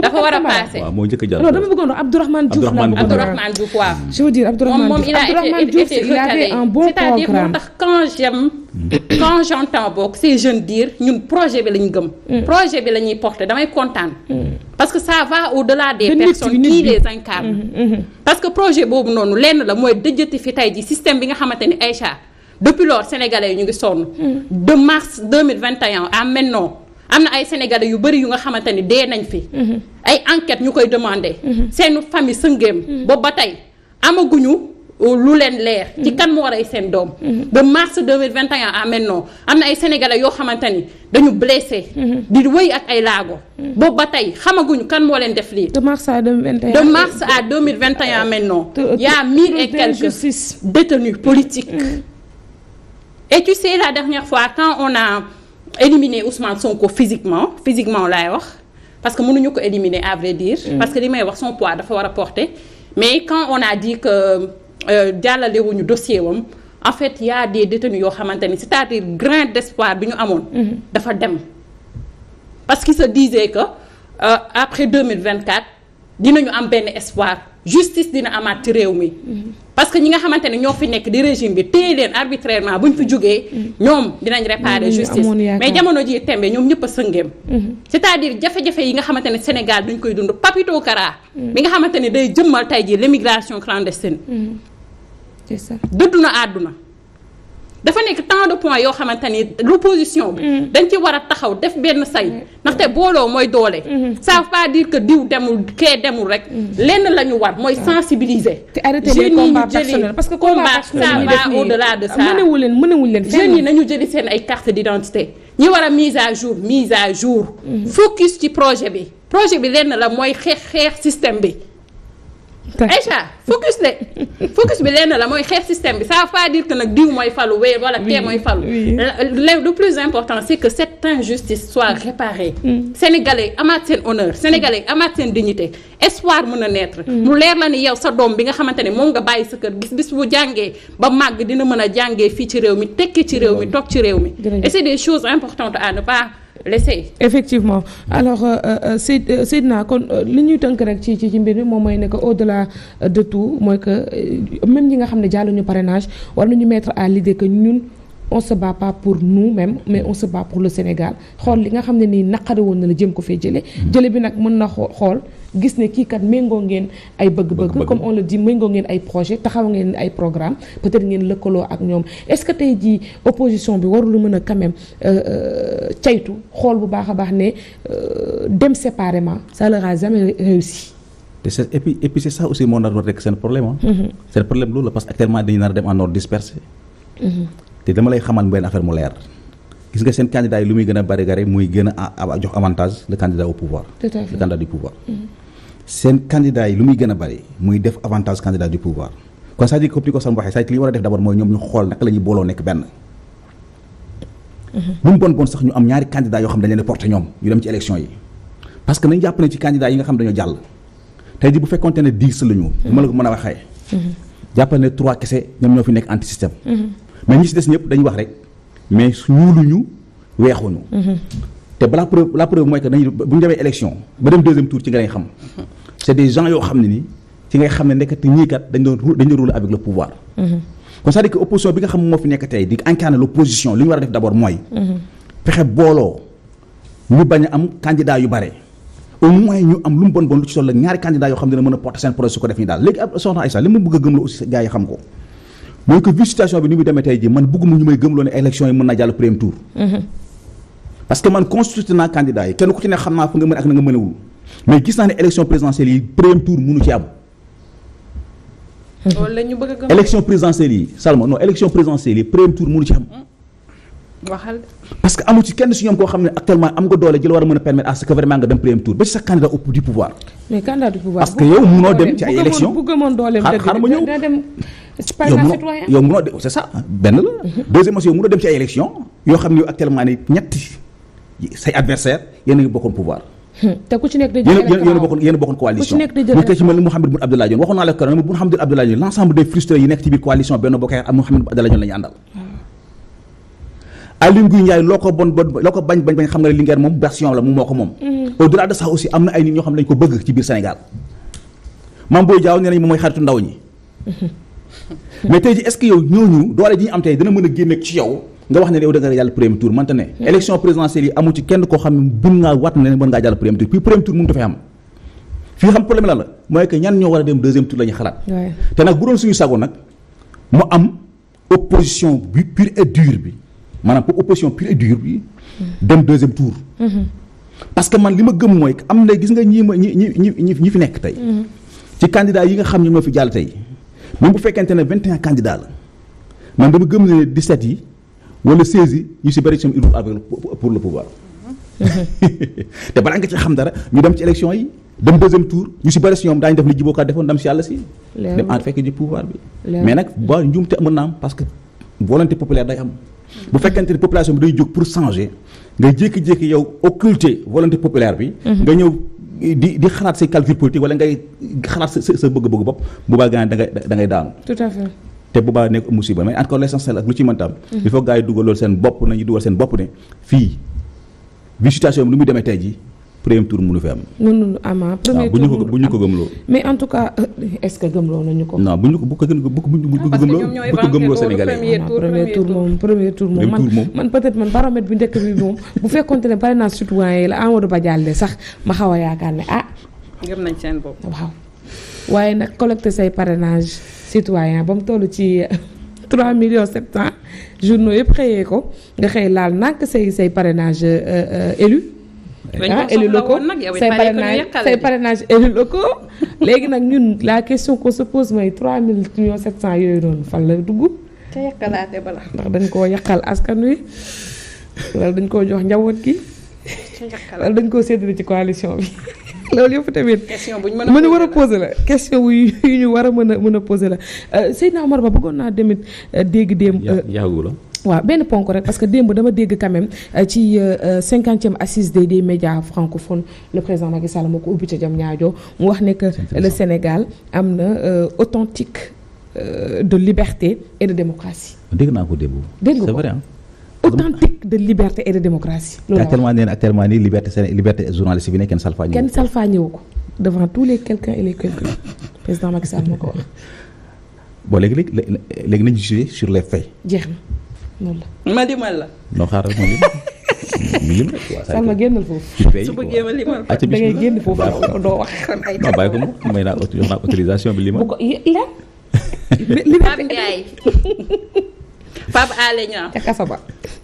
dafa war a passé moo jëkk a jàll non dama bëggoon Abdourahmane Diouf la Abdourahmane Diouf waaw je veux dire Abdourahmane Diouf moom il a été il avait ñun projet bi la ñu gëm mm. projet bi la ñuy porter damay kontaan mm. parce que ça au-delà des personnes qui les mm-hmm, mm-hmm. parce que projet boobu noonu lenn la mooy dëjëti fi tey ji système bi nga xamante ni Aïcha depuis lors sénégalais yi ñu ngi sonn mm. de mars 2021 à maintenant am na ay sénégalais yu bëri yu nga xamante ni dee nañ fi. Mhm. ay enquête ñu koy demandé. Mhm. seen famille sëngéem. Mhm. boobu ba tey amaguñu. Euh, lu leen leer. ci kan moo rey seen doom. de mars 2021 à maintenant am na ay sénégalais yoo xamante ni dañu blessé. di wëy ak ay laago. boobu ba tey xamaguñu kan moo leen def lii. de mars à 2021 de mars à 2021 maintenant. Euh, y a mille et quelques détenus politiques. et tu sais la dernière fois temps on a. éliminer Ousmane Sonko physiquement physiquement laay wax parce que mënuñu ko éliminer à vrai dire. Mm. parce que li may wax son poids dafa war a porter. mais quand on a dit que euh, jàllale wuñu dossier wam en fait y a des détenus yoo xamante ni c'est-à-dire grain d'espoir bi ñu amoon. Mm-hmm. dafa dem parce qu'il se disait que euh, après 2024 dinañu am benn espoir. justice dina amaat ci réew mi. parce que ñi nga xamante ne ñoo fi nekk di régime bi téye leen arbitrairement ñu fi jugee. ñoom dinañ réparer mm-hmm. justice mais jamono jii tembe ñoom ñëpp a sëngeem. Mm-hmm. c'est-à-dire jafe-jafe yi nga xamante ne Sénégal duñ koy dund papito kara bi mm-hmm. nga xamante ne day jëmmal tey jii l'immigration clandestine. c'est ça dëddu na àdduna. dafa nekk tant de point yoo xamante ni l'opposition bi mm. dañ ci war a taxaw def benn say mm. ndaxte booloo mooy doole mm-hmm. Mm-hmm. ça veut pas que diw demul kee demul rek mm-hmm. lenn la ñu war mooy sensibiliser jeunes yi ñu jëli parce que combat ça va au delà de ça mënewu leen leen jeunes yi nañu jëli seen ay carte d'identité ñi war a mise à jour mise à jour focus ci projet bi projet bi lenn la mooy xeex xeex système bi Aïcha focus de focus bi lenn la mooy xeex système bi ça veut pas dire que nag diw mooy falu wéy wala kee mooy falu le plus important c'est que cette injustice soit réparée mm. sénégalais amaat seen honneur sénégalais mm. amaat seen dignité espoir mën a naître mm. mu leer la ni yow sa doom bi nga xamante ne moom nga bàyyi sa kër gis bis bu jàngee ba màgg dina mën a jàngee fii ci réew mi tekki ci réew mi toog ci réew mi et c'est des choses importantes à pas l'essai effectivement alors euh, euh, euh, Seyd naa kon li ñuy tënk rek ci ci mbir mi moom mooy ne que au delà de tout mooy que même ñi nga xam ne ñu jàlluñu parrainage war ñu mettre à l'idée ko ñun on se bat pour nous-mêmes mais on se bat pour le Sénégal xool li nga xam ne nii naqari woon na la jëm ko fee jële mm-hmm. jële bi nag mën na xool gis ne kii kat méngoo ngeen ay bëgg-bëgg comme on le dit méngoo ngeen ay projet taxaw ngeen ay programme peut-être ngeen lëkkaloo ak ñoom est-ce que tey jii opposition bi warul mën a quand euh, euh, caytu xool bu baax a baax ne euh, dem séparément ça leur a jamais réussi et puis et puis c'est ça aussi moo nar war rekk seen problème seen mm-hmm. problème loolu la parce que actuellement dañu nar a dem en ordre dispersé mm-hmm. te dama lay xamal benn affaire mu leer gis nga seen candidat a bari gare muy gën a jox seen candidat yi lu muy gën a bëri muy def avantage candidat du pouvoir kon c'est-à-dire comme ni ko Sam waxee c'est-à-dire li ñu war a def d'abord mooy ñoom ñu xool naka la ñuy booloo nekk benn lu mhm. mu bon bon sax ñu am ñaari candidat yoo xam dañ leen porté ñoom ñu dem ci élection yi parce que nañ jàpp ci candidat yi nga xam dañoo jàll tey ji bu fekkonte ne dix la mhm. ma la ko mën a waxee mhm. jàppal trois kese ñoom ñoo fi nekk anti système mais ñi si des ñëpp dañuy wax rek mais ñuuluñu te balaa preuve la preuve mooy que dañuy bu ñu demee élection ba dem deuxième tour ci nga lay xam c' est des yoo xam ne ni ci ngay xam ne nekkati ñii kat dañ doon dañ doon rouler avec le pouvoir. Mm-hmm. kon c'est-à-dire opposition bi nga xam moo fi nekk tey di incarner mm-hmm. lu mu seen projet su ko def nii daal léegi ab soxna Aïssa li ma bëgg gëm la aussi gars yi xam ko mooy que vu bi ni mu demee tey ji man bëgguma ñu may gëm loo ne élection yi mën naa parce que man constitué naa candidat yi kenn ku ci ne xam naa fa nga mën ak na nga mënewul mais gis naa ne élection présidentielle yi premier tour mënu ci am. Mmh. loolu la ñu bëgg a mmh. parce que amu ci kenn si ñoom koo xam ne actuellement am nga doole ji war a mën a permettre à ce que vraiment nga dem premier tour ba ci sa candidat au du pouvoir. parce que yow munoo dem ci ay élection xaar ma ñëw yow munoo benn la. deuxième aussi dem ci ay élection yoo xam ne yow actuellement nii ñetti say adversaire yéen a ngi bokkoon pouvoir. Hmm. te bokkoon coalition mu ko ci mel ni ne Mouhamed Boun Abdallah Dionne l'ensemble des hmm. loo ko bon bon loo ko bañ bañ xam nga ne Linguère moom version la mu moo ko moom hmm. au delà de ça aussi am na ay nit ñoo xam ne dañ ko bëgg ci biir Sénégal Mame Boye Diao nee nañ mooy xaritu ndaw ñi mais tey ji est yow ñooñu doole ji ñu am tey dina mën a génne ci yow nga wax ne yow da nga jàll premier tour mante ne hmm. élection présidentielle yi amu ci kenn koo xam ne bun ngaa wat ne mën ngaa jàll premier tour puis premier tour mënu dafay am fii xam problème la la mooy que ñan ñoo war a dem deuxième tour la ñuy xalaat te nag bu doon suñu sago nag mu am opposition bi pure et dure bi maanaam pour opposition pure et dure bi hmm. dem deuxième tour hmm. parce que man li ma gëm mooy am na gis nga ñi ma ñi ñi ñi ñi fi nekk tey ci candidat yi nga xam ne ñoo fi jàll tey même bu fekkente ne 21 candidats la man dama gëm ne 17 yi wala saisi ñu si bëri sont ils avec pour le pouvoir mm-hmm. te balaa nga ci xam dara ñu dem ci élection yi dem deuxième tour ñu si bëri si ñoom daañu def li jibookaa defoon dem si yàlla si dem en fekk ji pouvoir bi mais nag ba njuumte mën na am parce que volonté populaire day am bu fekkente ne population bi day jóg pour changer nga jékki-jékki yow occulter volonté populaire bi mm-hmm. nga ñëw di di xalaat say calcul politique wala ngay xalaat sa sa bëgg-bëgg bopp bu baa da ngay da ngay te boobaa nekk musiba mais encore l'essentiel ak lu ci mën tam mm-hmm. il faut gars yi dugal seen bopp nañu dugal seen bopp ne fii bi situation bi muy demee tey ji premier tour mënu fi am. mënul ah, ah, euh, premier tour moom premier tour moom man peut-être man baromètre bi njëkk bi moom bu fekkonte ne bari naa citoyen yi la Amadou Ba jàlle sax ma xaw a yaakaar ne ah. waaw. waaye nag collecté say parrainage citoyen ba mu toll ci 3 millions 700 journaux yëpp xëyee ko nga xëy laal nànk say say parrainage euh, euh, élu ah élus locaux say parrainage say parrainage élus locaux léegi nag ñun la question qu'on se pose mooy 3 millions 700 yooyu noonu fan la dugg. te yàqalaate bala. ndax dañ koo yàqal askan wi wala dañ koo jox njawoot gi. wala dañ koo séddale ci coalition bi. loolu yëpp tamit. question bu ñu mën a war a poser la question yu ñu war a mën a mën a poser la euh, Seydina Omar Ba bëggoon naa demit euh, dégg démb. Euh, yàggul waaw benn ponk rek parce que démb dama dégg quand même ci cinquantième assise des des médias francophones le président Macky Sall moo ko ubbi ca Diamniadio mu wax ne que le Sénégal am na authentique de liberté et de démocratie. dégg ko authentique de liberté et de démocratie. loolu actuellement nee na actuellement nii liberté seen liberté journaliste bi ne kenn salfaañewu ko. ko devant tous les quelqu'un et les quelqu'un président Macky Sall ko wax. bon léegi léegi léegi nañu sur les faits. jeex na loolu la. ma dimbal la. non xaaral ma lim. lim rek waaw Salma génnal foofu. su bëggee ma limal fa da ngay génn foofu doo wax. non bàyyi ko moom may naa jox bi limal. bu ko lan. liberté Pape Alé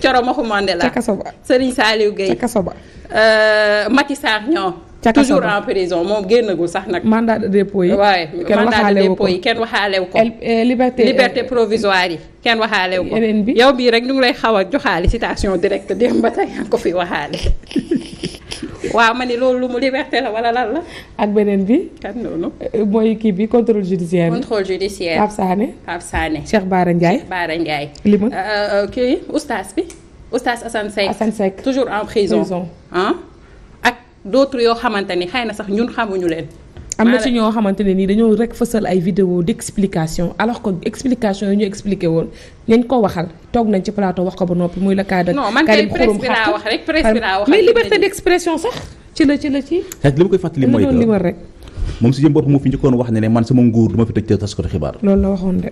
Coro Maxu Mandela. ca kaso ba Serigne Saliou Gueye. ca kaso ba. Euh, Macky Sarr ñoom. ca kaso toujours en prison moom génnagul sax nag. mandat de dépôt yi. waaye mandat de dépôt yi kenn waxaalewu ko. Euh, liberté liberté euh, provisoire yi kenn waxaalew ko. yow bii rek ñu ngi lay xaw a joxaale citation directe démb ba tey ko fi waxaale. waaw ma ni loolu lu mu liberté la wala lan la. ak beneen bi. Euh, mooy kii bi contrôle judiciaire bi. contrôle judiciaire Pape Sané. Pape Sané Cheikh Bara Ndiaye. Cheikh Bara Ndiaye. li mu. Euh, euh, kii oustaz bi oustaz Assane toujours en prison. prison ah ak d'autres yoo xamante ni xëy na sax ñun xamuñu leen. am na ci ñoo xamante ne nii dañoo rek fësal ay vidéo d'explication alors que explication yi ñu expliqué woon nañ ko waxal toog nañ ci plateau wax ko ba noppi muy la kaa dëkk. Karim Xurum Xaq mais liberté d'expression ci la ci la ci. li ma koy fàttali mooy que limal rek. moom si jëm bopp moo fi njëkkoon wax ne ne man sama nguur du ma fi tëj tas ko xibaar. loolu la waxoon de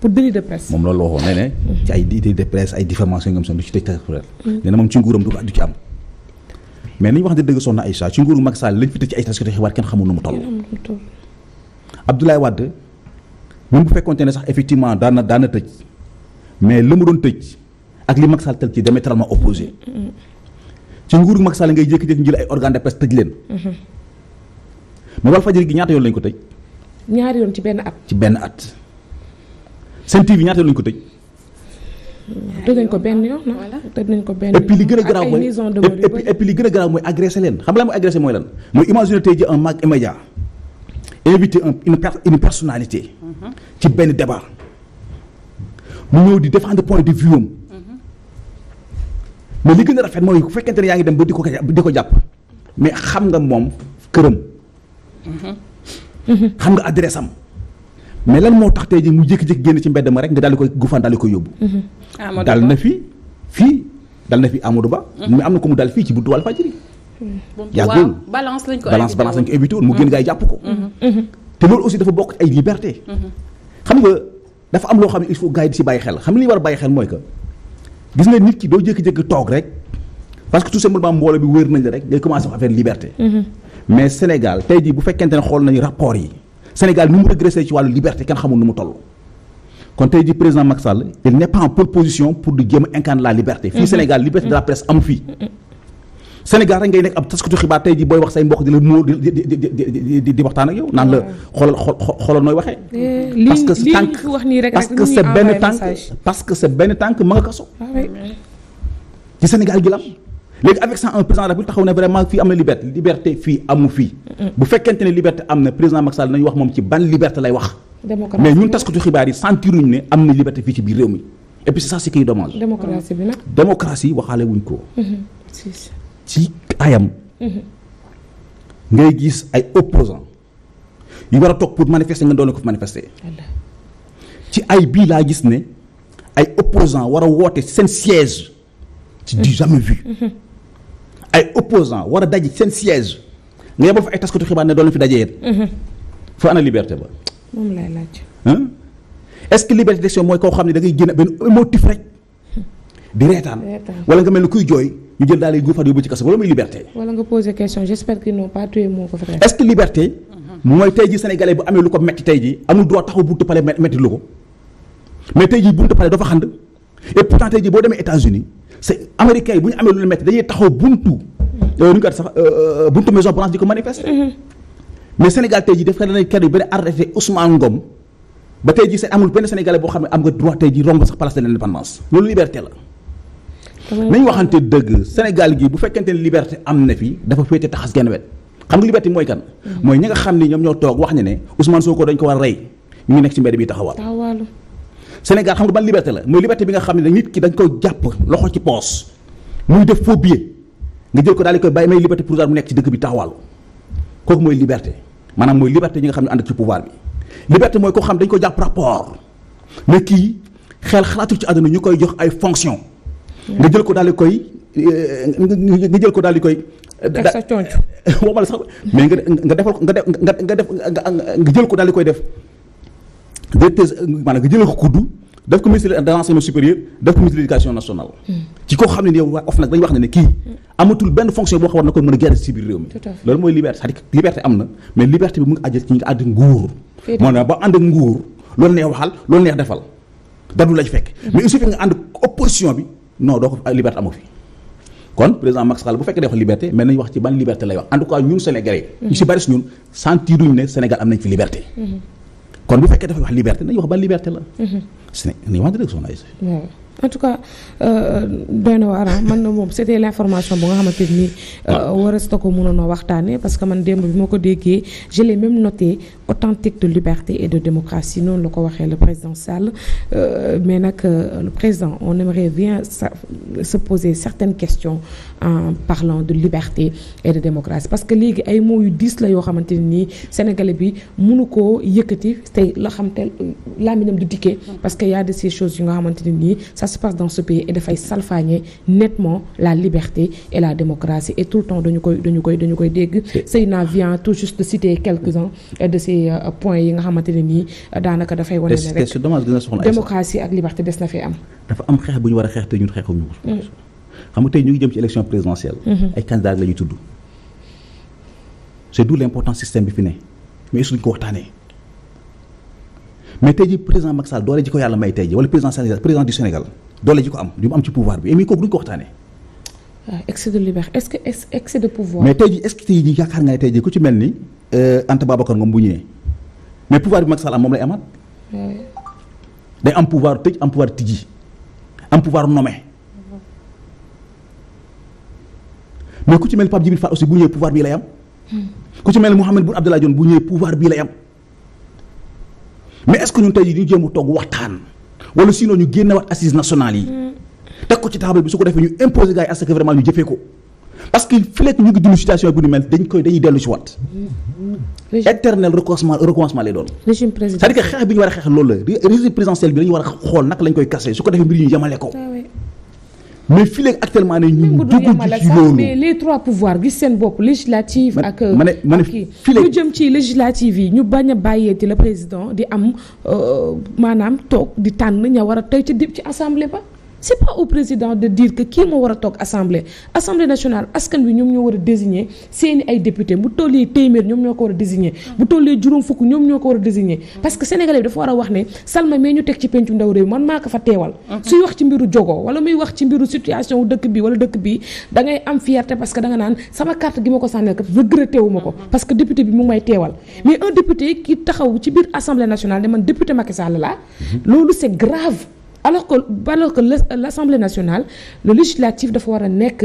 pour délit de presse. moom loolu la waxoon ne ne. ci ay délit de presse ay diffamation yi nga xam du ci tëj tas mm. am mais nañu wax ne dëgg soxna Aïcha ci nguuru Macky Sall lañ fi tëj ci ay taskati xibaar kenn xamul nu mu toll. Abdoulaye Wade même bu fekkoonte ne sax effectivement daan na daan na tëj mais la mu doon tëj ak li Macky Sall tëj ci diamétralement opposé mm-hmm. ci nguuru Macky Sall ngay jékki-jékki jël ay organ de presse tëj leen. Mm-hmm. mais Walfadjri gi ñaata yoon lañ ko tëj. ñaari yoon ci benn at. ci benn at. Sen TV ñaata yoon lañ ko tëj. tëj ko benn yoon nañ ko benn yoon et puis li gën a garaaw mooy et puis li gën a garaaw mooy agressé leen xam nga la mooy agressé mooy lan mooy imaginer tey ji un mag immédiat benn débat di défendre point de vue am mais li gën a rafet mooy bu fekkente ne yaa ngi dem ba di ko di ko jàpp mais xam nga moom këram mhm. xam nga adresse am mais lan moo tax tey ji mu jékki-jékki génn ci mbedd ma rek nga daal di koy gufaan daal koy yóbbu. dal na fi fii dal na fi Amadou Ba. Mm. mais am na ko mu dal fii ci buntu Walfadjri. Mm. yàggul balance lañ ko balance balance lañ ko invité mu mm. génn gaa yi jàpp ko. Mm-hmm. Mm-hmm. te loolu aussi dafa bokk ci ay liberté. Mm-hmm. xam nga dafa am loo xam ne il faut gaa yi di si bàyyi xel xam li ñu war a bàyyi xel mooy que gis nga nit ki doo jékki-jékki toog rek parce que tout simplement mbooloo bi wér nañ la rek ngay commencé wax affaire liberté. mais Sénégal tey jii bu fekkente ne xool nañu rapport yi Sénégal ni mu régressé ci wàllu liberté kenn xamul nu mu toll. kon tey ji président Macky Sall il n'est pas en pole position pour di jéem a incarner la liberté. fii mhm. Sénégal liberté de la presse amu fii. Mhm. Sénégal rek ngay nekk ab taskatu xibaar tey ji booy wax say mbokk di la moo di di di di di waxtaan ak yow naan la xoolal xoolal nooy waxee. Eh, parce que sa tànk que sa benn tànk parce que sa benn tànk ma nga kaso. Ah ci Sénégal gi la léegi avec ça un président de la République taxaw ne vraiment fii am na liberté liberté fii amu fii bu fekkente ne liberté am na président Macky Sall nañu wax moom ci ban liberté lay wax mais ñun taskatu xibaar yi sentiruñ ne am na liberté fii ci biir réew mi et puis c'est ça ce qui est dommage démocratie bi nag démocratie waxaale wuñ ko mm-hmm. ci ayam mm-hmm. ngay gis ay opposants yu war a toog pour manifester nga doon ko fi manifester ci ay bii laa gis ne ay opposants war a woote seen siège ci du jamais ay opposants war a daje seen siège nga yebal fa ay taskatu xibaar ne doon fi daje yéen. Mhm. fa ana liberté ba. moom liberté mooy koo xam ne da ngay génn benn émotif rek di ni kuy jooy ñu jël daal di guufaat yóbbu ci kaso wala muy liberté. wala nga poser question j'espère qu'ils n'ont pas tué mon frère. est-ce bu amee lu ko metti tey jii amul droit taxaw buntu pale metti lu ko mais tey jii buntu pale dafa xand et pourtant tey boo demee États-Unis c'est américain yi bu ñu amee lu metti dañuy taxaw buntu lu euh, ñu ko sax euh, euh, buntu Maison Blanche di ko manifester mm-hmm. mais Sénégal tey jii def ka danañ kenn benn arrêté Ousmane Ngom ba tey jii seen amul benn sénégalais boo xam ne am nga droit tey jii romb sax place de l'indépendance loolu liberté la nañ waxante dëgg Sénégal gi bu fekkente ni liberté am na fi dafa féete taxas genn wet xam nga liberté mooy kan mm-hmm. mooy ñi nga xam ne ñoom ñoo toog wax ne ne Ousmane Sonko dañ ko war a rey ñu ngi nekk ci mbedd bi taxawal Sénégal xam nga ban liberté la mooy liberté bi nga xam ne nit ki dañ koy jàpp loxo ci poos muy def faux billet nga jël ko daal di koy bàyyi may liberté provisoire mu nekk ci dëkk bi taxawaalu kooku mooy liberté maanaam mooy liberté nga xam ne ànd ci pouvoir bi mooy koo xam dañ ko jàpp rapport mais kii xel xalaatu ci àdduna ñu koy jox ay fonction nga jël ko daal di koy euh, nga jël ko daal di koy. teg euh, sa conc. waxuma la sax nga defal nga def nga def nga jël ko daal di koy def directeur maanaam nga jëlee ko kudd daf ko ministre de l'enseignement supérieur daf ko ministre de l'éducation nationale. Hmm. ci koo xam ne yow waa OFNAC dañu wax ne ne kii hmm. amatul benn fonction boo xam war na ko mën a gérer ci biir réew mi. loolu mooy liberté c'est-à-dire liberté am na mais liberté bi mu ngi àjjal ci ñi nga ànd ak nguur. moo ne ba ànd ak nguur loolu neex waxal loolu neex defal dadu la ci fekk. Hmm. mais il suffit nga ànd opposition bi non doo ko ah, liberté amu fi. kon président Macky Sall bu fekkee dafa liberté mais nañu wax ci ban liberté lay wax en tout cas ñun Sénégalais. ñu si bari si ñun sentiruñu ne Sénégal am nañ fi liberté. kon bu fekkee dafay wax liberté nañu wax ban liberté la. si ne nañu wax dëgg en tout cas euh, doy na waar ah. man moom c'était l'information bu nga xamante ni euh, war a ko mënoon a waxtaanee parce que man démb bi ma ko déggee je l'ai même noté authentique de liberté et de démocratie noonu la ko waxee le président Sall euh, mais nag le président on aimerait bien se poser certaines questions en parlant de liberté et de démocratie parce que léegi ay moo yu diis la yoo xamante ne nii sénégalais bi mënu koo yëkkati tey la xam te laaminam du dikkee parce que y a de ces nga xamante ne nii ça se passe dans ce pays et dafay salfaañe nettement la liberté et la démocratie et tout le temps dañu koy dañu koy dañu koy dégg Seyna vient tout juste de citer quelques-uns de ces euh, points yi nga xamante ne nii euh, daanaka dafay wane ne rek démocratie ak liberté des na fi am dafa am xeex bu ñu war a xeex te ñun xeexuñu mm. xam nga tey ñu ngi jëm ci élection présidentielle. Mhm. ay candidats la ñuy tudd. c'est d'où l'important système bi fi ne mais suñ ko waxtaanee mais tey ji président Macky Sall doole ji ko yàlla may tey ji wala président Sénégal président du Sénégal doole ji ko am li mu am ci pouvoir bi et muy kooku duñ ko waxtaanee. waaw ah, excès de liberté est-ce que excès de pouvoir. mais tey ji est-ce que tey ji yaakaar nga ne tey ji ku ci mel ni euh, Anta Babacar Ngom bu ñëwee mais pouvoir bi Macky Sall am moom lay amaat. day am pouvoir tëj am pouvoir tijji am pouvoir nommer. mais ku ci mel Pape Djibril Fall aussi bu ñëwee pouvoir bii lay am. Hmm. ku ci mel Mouhamed Boun Abdallah Dionne bu ñëwee pouvoir bii lay am. mais est-ce que ñun tey jii ñu jéem a toog waxtaan wala sinon ñu génnewaat assises nationales yi. Hmm. teg ko ci table bi su ko defee ñu imposer gars yi parce que ñu jëfee ko parce que fii ñu ngi dund situation bu ni mel dañ koy dañuy dellu si waat. éternel recommencement recommencement lay doon. régime présidentiel cest xeex bi ñu war a xeex loolu la régime présidentiel koy casser su ko defee mbir ñu yemale ko. Ah mais fii léegi actuellement ne ñun dugg ci loolu mais les trois pouvoirs gis seen bopp législative ak ma ne ma ne jëm ci législative yi ñu bañ a bàyyeeti la président di am euh, maanaam toog di tànn ña war a tey ci di ci assemblée ba c'est pas au président de dire kii moo war a toog assemblée assemblée nationale askan bi ñoom ñoo war a désigner seeni ay député bu tollee téeméer ñoom ñoo ko war a désigner bu tollee juróom fukk ñoom ñoo ko war a désigner parce que sénégalais bi dafa war a wax ne Salma mais ñu teg ci pencu ndaw réew man maa ko fa teewal mhm. suy wax ci mbiru jogoo wala muy wax ci mbiru situation dëkk bi wala dëkk bi da am fierté parce que da nga naan sama carte gi ma ko sànneel kat regretté wu ma ko mhm. parce que député bi mu ngi mhm. taxaw ci biir assemblée nationale ne man député Macky Sall laa loolu c'est grave alors que alors que l'Assemblée nationale le législatif dafa war a nekk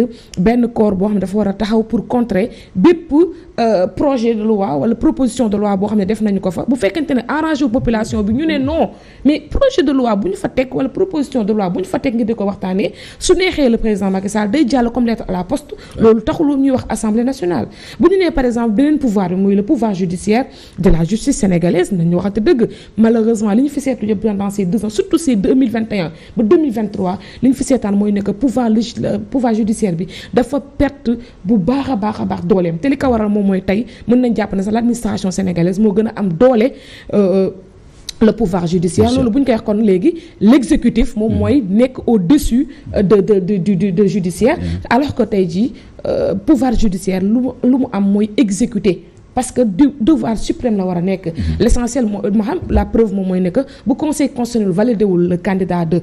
benn corps boo xam ne dafa war a taxaw pour contrer bépp euh, projet de loi wala proposition de loi boo xam ne def nañu ko fa bu fekkente ne arrangé population bi ñu ne non mais projet de loi bu ñu fa teg wala proposition de loi bu ñu fa teg ngir di ko waxtaanee su neexee le président Macky day jàll comme à la poste loolu taxuloo ñuy wax Assemblée nationale bu ñu nee 2021 ba 2023 li ñu fi seetaan mooy nekk pouvoir lég pouvoir judiciaire bi dafa perte bu baax a baax a baax dooleem te li ko waral moom mooy tey mën nañ jàpp ne sax l'administration sénégalaise moo gën a am doole euh, euh, le pouvoir judiciaire loolu bu ñu koy wax kon léegi l'exécutif moom mm-hmm. mooy nekk au-dessus euh, de de de de de judiciaire mm-hmm. alors ko tey jii pouvoir judiciaire lu mu lu mu am mooy exécuter parce que du devoir suprême la war a nekk mhm. l' moo ma la preuve moom mooy ne que bu conseil constitutionnel validé wul le candidat de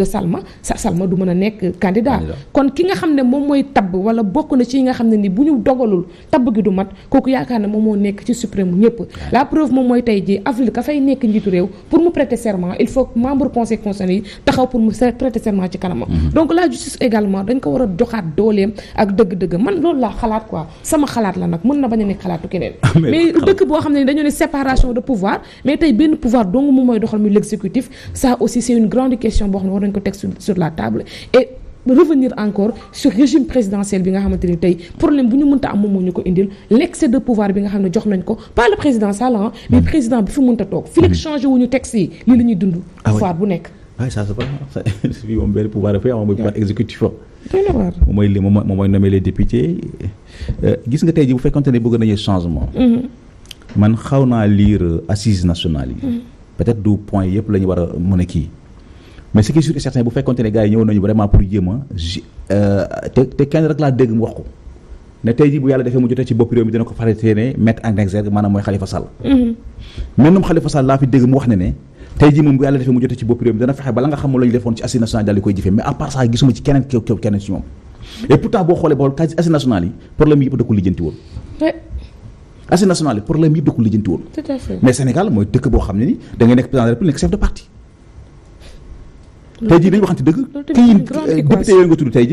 de Salma sa Salma du mën a nekk candidat kon ki nga xam ne moom mooy tab wala bokk na ci yi nga xam ne ni bu ñu dogalul tab gi du mat kooku yaakaar ne moom moo nekk ci suprême ñëpp la preuve moom mooy tey jii avril ka fay nekk njiitu réew pour mu prêter serment il faut membre conseil constitutionnel yi taxaw pour mu prêter serment mhm. la justice également ko war a joxaat dooleem ak dëgg-dëgg man loolu laa xalaat quoi sama xalaat la nag mën a nekk xalaatu keneen mais dëkk boo xam ne dañoo ne séparation de pouvoir mais tey benn pouvoir dong moom mooy doxal muy l'exécutif ça aussi c'est une grande question boo xam ne war nañu ko teg sur la table et revenir encore sur régime présidentiel bi nga xamante ni tey problème bu ñu mënta am moom moo ñu ko indil l'excès de pouvoir bi nga xam ne jox nañ ko pas le président Sall mais hmm. président bi fi mënta toog fi rek wu ñu texte yi lii la ñuy dund ah pouvoir bu nekk waaye ça se passe fii moom benn pouvoir dafay am mooy pouvoir exécutif moom mooy li moom mooy nommer les députés. Euh, gis nga tey ji bu fekkonte ne bëgg nañu changement. Mm-hmm. man xaw naa lire assises national yi. Mm-hmm. peut-être du point yëpp la ñu war a mën a kii. mais ce qui est sûr et bu fekkonte ne gars ñëw nañu vraiment pour jéem euh, te te kenn rek laa dégg mu wax ko. ne tey jii bu yàlla defee mu jotee ci bopp réew mi dina ko faratee ne mettre en exergue maanaam mooy Khalifa Sall. Mm-hmm. même xalifa Khalifa Sall laa fi dégg wax ne ne. tey jii moom bu yàlla defee mu jotee ci bopp réew mi dana fexe bala nga xamul la ñu defoon ci assises nationales daal di koy jëfee mais à part ça gisuma ci keneen kew kew keneen ci ñoom da ko mais Sénégal mooy boo xam ne ni da ngay nekk président dëgg kii euh, député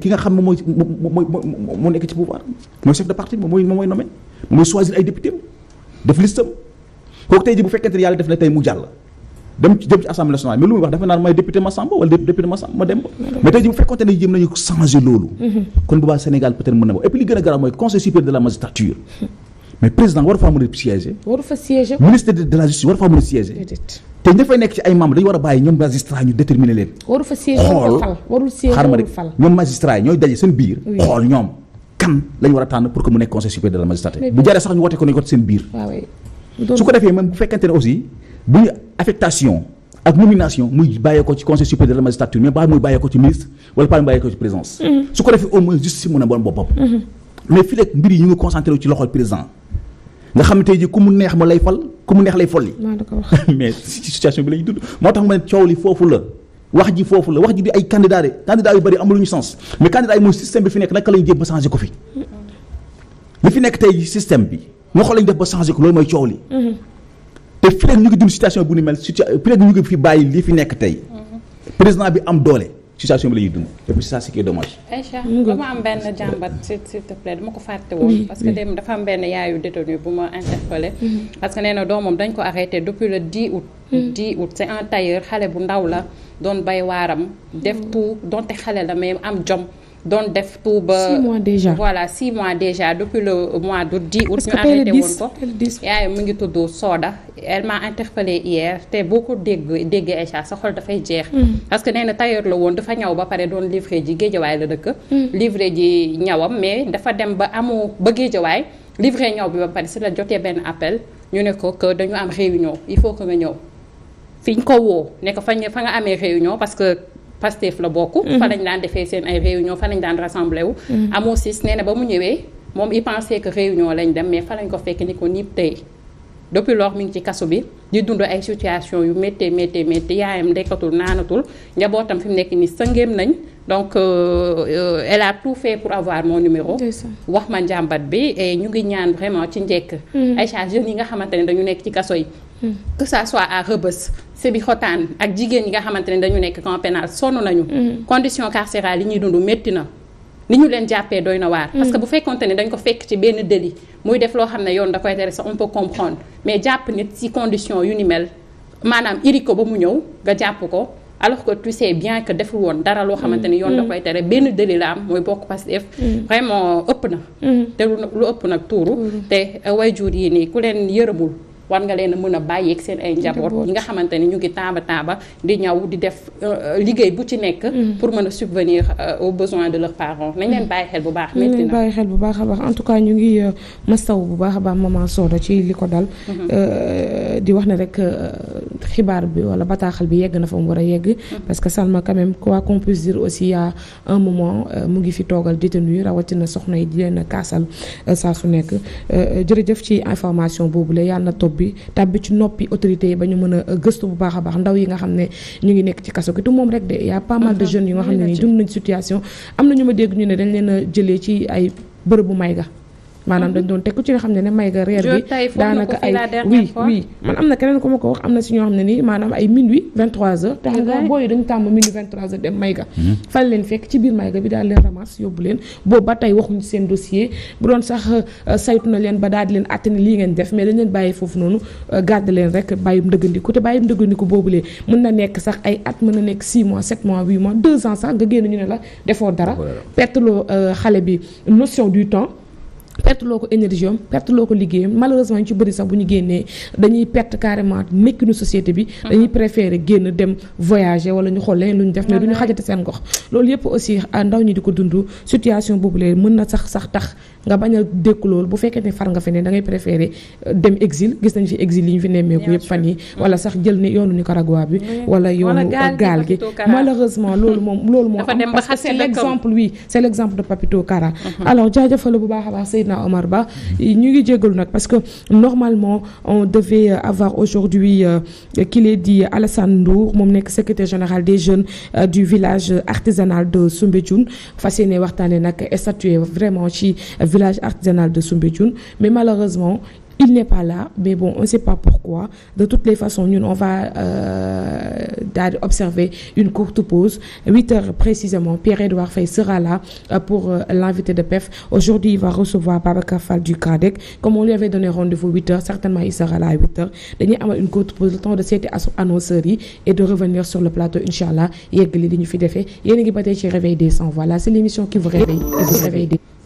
ki nga xam mooy mooy moo nekk ci pouvoir mooy chef de parti moom mooy moom mooy nommé mooy choisir ay député def listam kooku tey ji bu fekkente ne yàlla def na tey mu jàll dem ci assemblée nationale mais lu muy wax dafa naan may député Massamba wala député Massamba ma dem mais tey bu fekkonte nañu changer loolu mm-hmm. kon boobaa Sénégal peut-être na magistrature mais président waru fa siéger a siéger te ña fay nekk ci ay membres dañu war a bàyyi ñoom magistrat ñu déterminer leen xool ñoom kan lañu war a tànn pour que mu nekk conseil supérieur de la magistrature bu jaree sax ñu woote su ko defee même bu fekkente ne aussi bu ñu affectation ak nomination muy bàyyee ci conseil supérieur de la magistrature mais pas muy bàyyee ko ci ministre wala pas muy bàyyee ko ci présidence mm-hmm. su ko defee au moins justice mën a bon boppam mm-hmm. mais fii rek mbir yi ñu ngi concentré ci loxol président nga xam ne tey ku mu neex ma lay fal ku mu neex lay folli mais situation bi la ñu moo tax ma ne coow li foofu la wax ji foofu la wax ji di ay candidat bi moo xool lañ def ba changé ko loolu mooy coow li. Mhm. te fii rek ñu ngi dund situation bu ni mel situa fi bàyyi lii fi nekk tey. Mhm. président bi am doole situation bi la ñuy dund et puis ça c'est que dommage. Aïcha dama am benn jàmbat s'il dama ko fàtte woon. Mhm. parce dem dafa am benn yaayu détenu bu ma interpellé. parce que doomam dañ ko arrêté depuis le 10 out 10 août c'est un xale bu ndaw la doon bay waaram. def tout donte xale la mais am jom. doon def tout ba. 6 mois déjà voilà 6 mois déjà depuis le mois d' août 10 août. ñu arrêté woon ko yaay mu ngi tudd Soda. elle m'a interpellé hier te boo ko dégg dégg Aïcha sa xol dafay jeex. Hmm. parce que nee na tailleur la woon dafa ñaw ba pare doon livré ji géejawaay la dëkk. Hmm. livré ji ñawam mais dafa dem ba amoo ba géejawaay livré ñaw bi ba pare si la jotee benn appel ñu ne ko que dañu am réunion il faut que nga ñëw. fi ñu ko woo ne ko fa nga amee réunion parce que Pastef la bokk. Mhm. fa lañ daan defee seen ay réunion fa lañ daan rassemblé wu. Mhm. amoo sis nee na ba mu ñëwee moom il pensait que réunion lañ dem mais fa lañ ko fekk ni ko nii tey. depuis lors mi ngi ci kaso bi di dund ay situation yu méttee méttee méttee yaayam ndekkatul naanatul njabootam fi mu nekk nii sëngeem nañ donc euh, euh elle a tout fait pour avoir mon numéro wax ma njàmbat bi e ñu ngi ñaan vraiment ci njekk mhm. Aïcha jeunes yi nga xamante ne dañu nekk ci kaso yi que ça soit à Rebeuss Sébikotane ak jigéen ñi nga xamante ne dañu nekk camp pénal sonn nañu. Mm. condition carcérale yi ñuy dund metti na. ni ñu leen jàppee doy na waar. parce que mm. bu fekkonte ne dañ ko fekk ci benn délit muy def loo xam ne yoon da koy tere sax on peut comprendre mais jàpp nit ci condition yu ni mel maanaam iri ko ba mu ñëw nga jàpp ko alors que tu sais bien que deful woon dara loo xamante ni mm. yoon da koy tere benn délit la am mooy bokk Pastef vraiment ëpp na. te lu ëpp nag tuuru. te euh, wayjuur yi nii ku leen yërëmul. war nga leen a mën a bàyyeeg seen ay njaboot ñi nga xamante ne ñu ngi taaba taaba di ñaw di def euh, liggéey bu ci nekk mm. pour mën a subvenir euh, aux besoins de leurs parents nañ leen bàyyi xel bu baax nañ leen bàyyi xel bu baax a baax en tout cas ñu a euh, mastaw bu baax a baax maman Soda ci li ko dal mm-hmm. di wax ne rek xibaar bi wala bataaxal bi yegg na fa mu war a yegg mm-hmm. parce que Salma quand même quoi qu'on puisse dire aussi y a un mu ngi fi toogal détenu yi rawatina soxna yi di leen kaasal saa su nekk jërëjëf ci information boobu la bi tàbbi ci noppi autorités ba ñu mën a euh, gëstu bu baax a baax ndaw yi nga xam ne ñu ngi nekk ci kaso gi du moom rek de y a pas mal de ah, jeunes yi nga ah, xam ne nii dund nañ situation am na ñu ma dégg ñu ne dañ leen a jëlee ci ay bërëbu may ga maanaam dañ doon te ku ci nga xam ne ne may ga reer bi daanaka ay oui oui man am na keneen ku ma ko wax am na si ñoo xam ne nii maanaam ay minuit 23h te xam nga booyi dañu tàmm minuit 23h dem may ga mhm. fal leen fekk ci biir may ga bi daal leen ramasse yóbbu leen boobu ba tey waxuñu seen dossier bu doon sax euh, saytu na leen ba daal di leen àtte ne lii ngeen def mais dañ leen bàyyi foofu noonu euh, gàdd rek bàyyum ndëggandiku te bàyyum ndëggandiku boobulee mën na nekk sax ay at mën na nekk 6 mois 7 mois 8 mois 2 ans sax nga génn ñu ne la defoo dara perteloo euh, xale bi notion perte loo ko énergie am perte loo ko liggéeyam malheureusement yu ci bëri sax bu ñu génnee dañuy perte carrément nekkinu société bi mm-hmm. dañuy préférer génn dem voyager wala ñu xool leneen lu ñu def mais du ñu xajate seen gox loolu yëpp aussi ah, ndaw ñi di ko dundu situation boobu lee mën na sax sax tax nga bañ a dékku loolu bu fekkee ne far nga fi ne da ngay préféré euh, dem exil gis nañ fi exil yi ñu fi nemmeeku yëpp fan yi wala sax jël ni yoonu Nicaragua bi wala yoonu gaal gi malheureusement loolu moom loolu moo am parce que c'est l'exemple oui c'est l'exemple de Papito Kara mhm. alors jaajëfal bu baax a baax Seydina Omar Ba ñu ngi jéggalu nag parce que normalement on devait euh, avoir aujourd'hui euh, qu'il est dit Alassane Ndour moom nekk secrétaire général des jeunes du village artisanal de Soumbédioune fas yéene waxtaane nag statué vraiment ci village artisanal de Soumbédioune mais malheureusement il n'est pas là mais bon on sait pas pourquoi de toutes les façons ñun on va euh, daal di observer une courte pause huit heures précisément Pierre-Edouard Faye sera là euh, pour euh, l'invité de PEF aujourd'hui il va recevoir Babacar Fall du CADEC comme on lui avait donné rendez-vous huit heures certainement il sera là huit heures dañuy une courte pause le temps de seeti as annonceurs yi et de revenir sur le plateau ñu fi defee yéena ngi ba tey